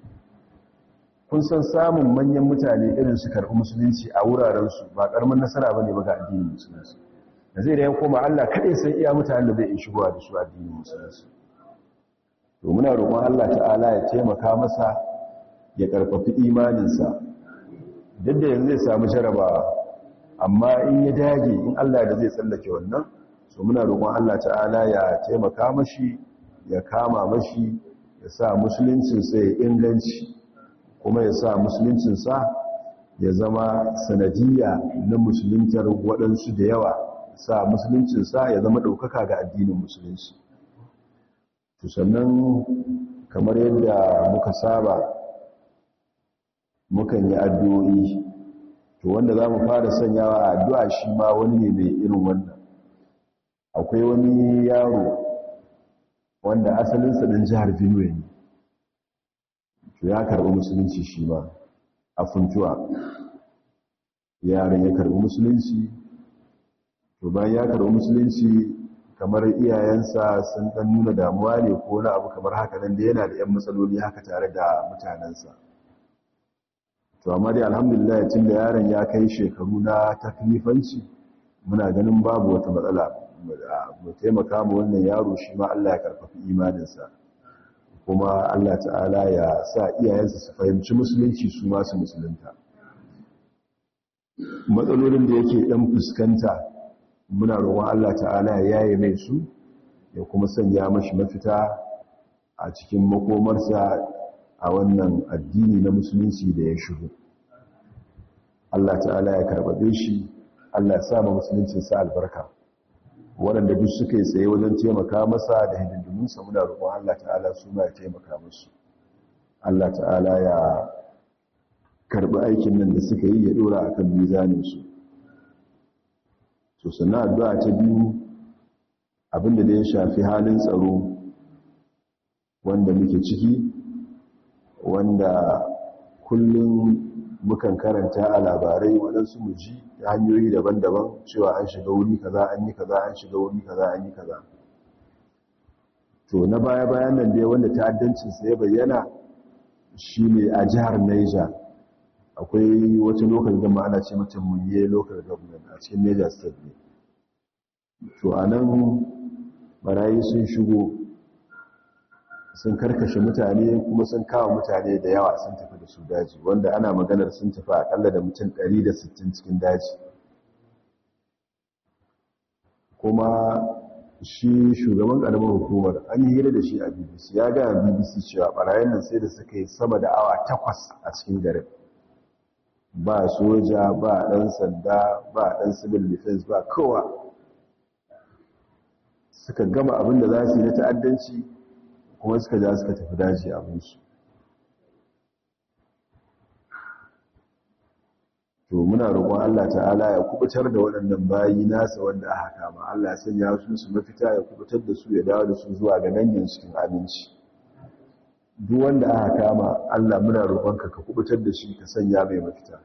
kun san samun manyan mutane irin su karɓi musulunci a wurarensu ba ƙaramin nasara ba ne ba ga addinin musulunci da zai da kuma koma Allah kaɗai san iya mutane da zai iya shigowa da su addinin musulunci to muna roƙon Allah ta'ala ya taimaka masa ya karfafi imaninsa duk da yanzu zai samu jarabawa amma in ya dage in Allah da zai tsallake wannan so muna roƙon Allah ta'ala ya taimaka mashi ya kama mashi ya sa musuluncinsa ya inganci kuma ya sa musuluncinsa ya zama sanadiyya na musuluntar waɗansu da yawa sa musuluncinsa ya zama ɗaukaka ga addinin musulunci to sannan kamar yadda muka saba mukan yi addu'o'i to wanda za mu fara sanyawa a addu'a shi ma wani ne mai irin wannan akwai wani yaro wanda asalinsa ɗin jihar benue ne to ya karɓi musulunci shi ma a funtuwa yaron ya karɓi musulunci to bayan ya karɓi musulunci kamar iyayensa sun ɗan nuna damuwa ne ko na abu kamar haka nan da yana da 'yan matsaloli haka tare da mutanensa to amma dai alhamdulillah tun da yaron ya kai shekaru na taklifanci muna ganin babu wata matsala mu taimaka mu wannan yaro shi ma Allah ya karfafi imaninsa kuma Allah ta'ala ya sa iyayensa su fahimci musulunci su ma su musulunta matsalolin da yake dan fuskanta muna roƙon Allah ta'ala ya yaye mai su ya kuma sanya mashi mafita a cikin makomarsa a wannan addini na musulunci da ya shigo Allah ta'ala ya karbabe shi Allah ya sa musulunci sa albarka waɗanda duk suka yi tsaye wajen taimaka masa da sa muna roƙon Allah ta'ala su ma ya taimaka musu Allah ta'ala ya karɓi aikin nan da suka yi ya ɗora a kan su to sannan addu'a ta biyu abinda da ya shafi halin tsaro wanda muke ciki wanda kullum mukan karanta a labarai waɗansu mu ji hanyoyi daban-daban cewa an shiga wuri kaza an yi kaza an shiga wuri kaza an yi kaza to na baya-bayan nan dai wanda ta'addancinsa ya bayyana shi ne a jihar Niger akwai wata local gama ana ce mata munye local government a cikin Niger state ne to a nan barayi sun shigo sun karkashe mutane kuma sun kawo mutane da yawa sun tafi da su daji wanda ana maganar sun tafi akalla da mutum 160 cikin daji kuma shi shugaban karamar hukumar an yi hira da shi a bbc ya gaya bbc cewa barayin nan sai da suka yi sama da awa takwas a cikin garin ba soja ba ɗan sanda ba ɗan civil defense ba kowa suka gama abinda za su yi na ta'addanci kuma suka ja suka tafi daji abinsu to muna roƙon Allah ta'ala ya kubutar da waɗannan bayi nasa wanda haka kama Allah ya sanya su su mafita ya kubutar da su ya dawo da su zuwa ga dangin cikin aminci duk wanda aka kama Allah muna roƙonka ka kubutar da shi ka sanya mai mafita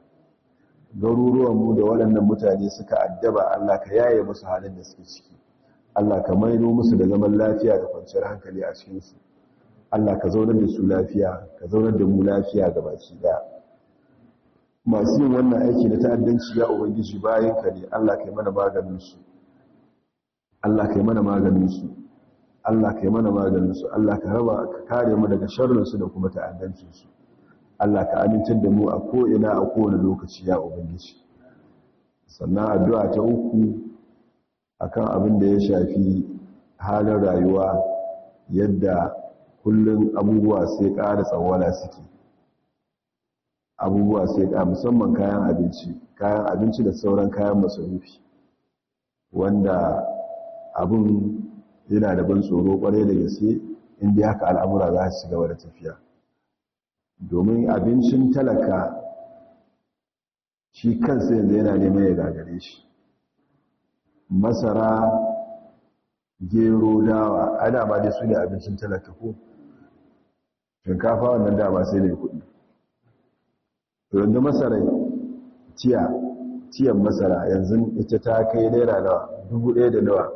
garuruwan mu da waɗannan mutane suka addaba Allah ka yaye musu halin da suke ciki Allah ka maido musu da zaman lafiya da kwanciyar hankali a cikinsu. Allah ka zaunar da su lafiya ka zaunar da mu lafiya ga baki daya masu yin wannan aiki da ta'addanci ya ubangiji bayan ka ne Allah kai mana maganin su Allah kai mana maganin su Allah kai mana maganin su Allah ka raba ka kare mu daga sharrin su da kuma ta'addancin su Allah ka amintar da mu a ko'ina a kowane lokaci ya ubangiji sannan addu'a ta uku akan abin da ya shafi halin rayuwa yadda kullum abubuwa sai ƙara tsawala suke abubuwa sai ƙara musamman kayan abinci kayan abinci da sauran kayan masarufi wanda abin yana da ban tsoro kwarai da gaske inda haka al'amura za su gaba da tafiya domin abincin talaka shi kansa yanzu yana neman ya gagare shi masara gero dawa ba da su ne abincin talaka ko shinkafa wannan dama sai ne kuɗi yanzu masarai ciya ciyan masara yanzu ita ta kai naira nawa dubu ɗaya da nawa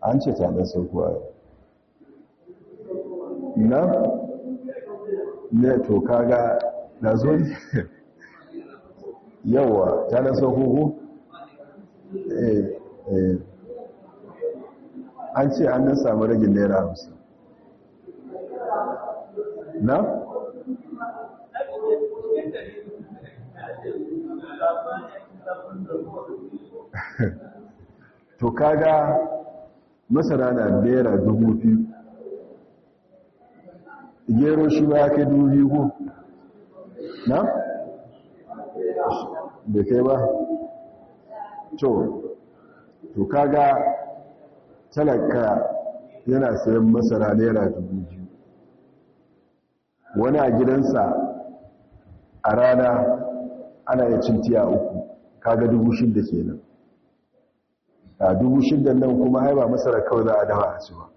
an ce ta ɗan saukowa na ne to kaga na zo yawa ta ɗan saukowa eh eh an ce an nan samu ragin naira hamsin na? to kaga masara na bera dubu biyu gero shi ba ka dubu biyu ko? na? da kai ba? to to kaga talaka yana sayan masara naira dubu biyu wani a gidansa a rana ana ya cintiya uku kaga dubu shidda nan. a dubu shidda nan kuma haiba masara kawai za a dawa a ciwa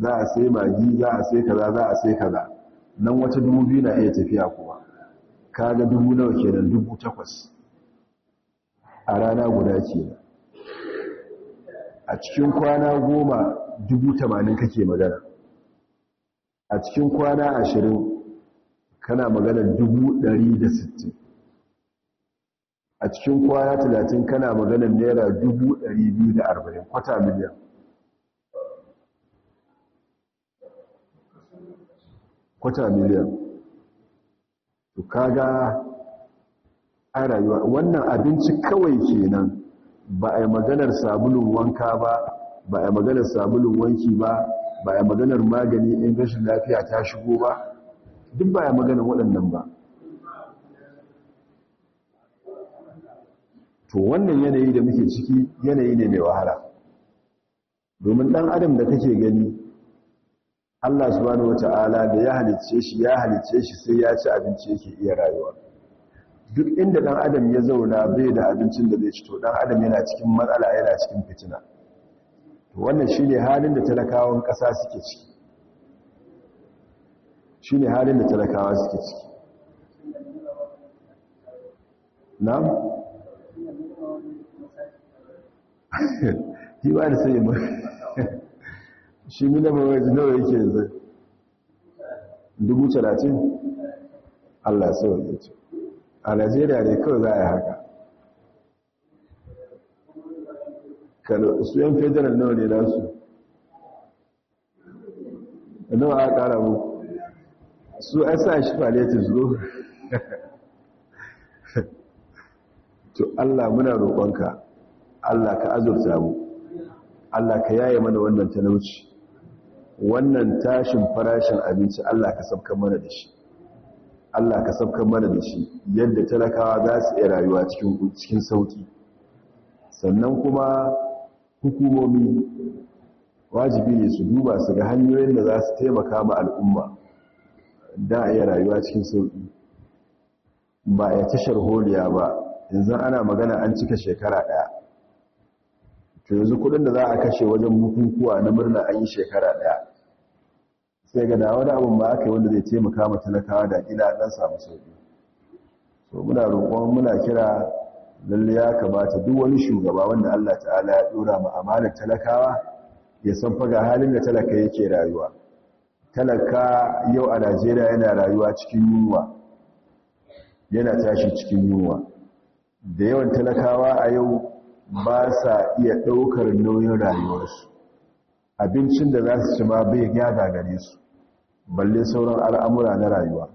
za a sai magi za a sai kaza za a sai kaza nan wata dubu biyu na iya tafiya kuma kaga dubu nawa kenan dubu takwas a rana guda ke nan. a cikin kwana goma dubu tamanin kake magana a cikin kwana ashirin kana magana 160 a cikin kwaya 30 kana magana naira 240 kwata miliyan kwata miliyan to kaga a rayuwa wannan abinci kawai kenan ba a maganar sabulun wanka ba ba a yi maganar sabulun wanki ba ba a maganar magani in rashin lafiya ta shigo ba duk baya magana waɗannan ba to wannan yanayi da muke ciki yanayi ne mai wahala domin ɗan adam da kake gani Allah subhanahu wata'ala da ya halicce shi ya halicce shi sai ya ci abinci yake iya rayuwa duk inda ɗan adam ya zauna bai da abincin da zai ci to ɗan adam yana cikin matsala yana cikin fitina to wannan shine halin da talakawan ƙasa suke ciki shi ne halin da talakawa suke ciki na? yi ba da sai mai shi mina mawai nawa yake yanzu? dubu talatin allah sai wa ce a najeriya ne kawai za a yi haka su yan federal nawa ne nasu nawa a kara muku su an sa shi faletin zuwa to Allah muna roƙonka Allah ka azurta mu Allah ka yaye mana wannan talauci wannan tashin farashin abinci Allah ka sabkan mana da shi Allah ka sabkan mana da shi yadda talakawa za su iya rayuwa cikin cikin sauki sannan kuma hukumomi wajibi ne su duba su ga hanyoyin da za su taimaka ma al'umma da a iya rayuwa cikin sauƙi ba ya tashar holiya ba yanzu ana magana an cika shekara ɗaya to yanzu kuɗin da za a kashe wajen bukukuwa na murna an yi shekara ɗaya sai ga da wani abin ba aka yi wanda zai taimaka ma talakawa da ƙila ɗan samu sauƙi to muna roƙon muna kira lalle ya kamata duk wani shugaba wanda Allah ta'ala ya ɗora mu amanar talakawa ya san faga halin da talaka yake rayuwa talaka yau a najeriya yana rayuwa cikin yunwa yana tashi cikin yunwa da yawan talakawa a yau ba sa iya ɗaukar nauyin rayuwarsu abincin da za su ci ma bai ya gagare su balle sauran al'amura na rayuwa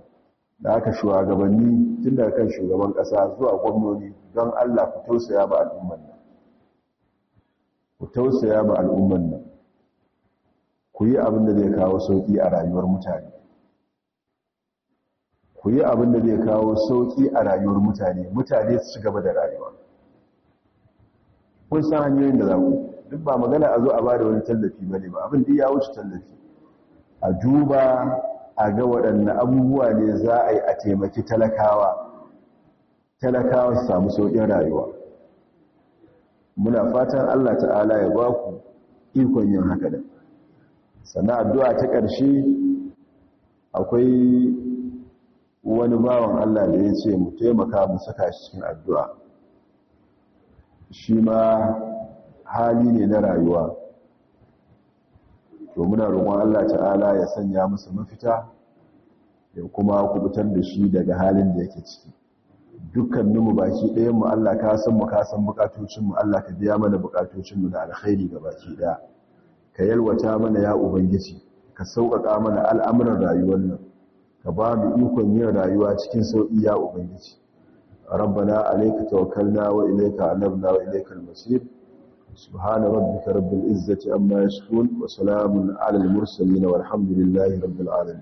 da aka shugabanni tun daga kan shugaban ƙasa zuwa gwamnoni don allah ku tausaya ba al'umman ku tausaya ba al'umman nan ku yi abin da zai kawo sauƙi a rayuwar mutane ku yi abin da zai kawo sauƙi a rayuwar mutane mutane su gaba da rayuwa kun san hanyoyin da za ku duk ba magana a zo a bada wani tallafi ba ne ba abin da ya wuce tallafi a duba a ga waɗanne abubuwa ne za a yi a taimaki talakawa talakawa su samu sauƙin rayuwa muna fatan allah ta'ala ya ba ku ikon yin haka da sannan addu'a ta ƙarshe akwai wani bawan Allah da ya ce mu taimaka mu saka shi cikin addu'a shi ma hali ne na rayuwa to muna roƙon Allah ta'ala ya sanya musu mafita ya kuma kubutar da shi daga halin da yake ciki dukkaninmu baki ɗayanmu Allah ka san mu bukatocinmu Allah ka biya mana bukatocinmu da alkhairi ga baki ɗaya ka yalwata mana ya ubangiji ka sauƙaƙa mana al'amuran rayuwar nan ka ba mu ikon yin rayuwa cikin sauƙi ya ubangiji rabbana alayka tawakkalna wa ilayka anabna wa ilayka al-masir subhana rabbika rabbil izzati amma yasifun wa salamun alal mursalin walhamdulillahi rabbil alamin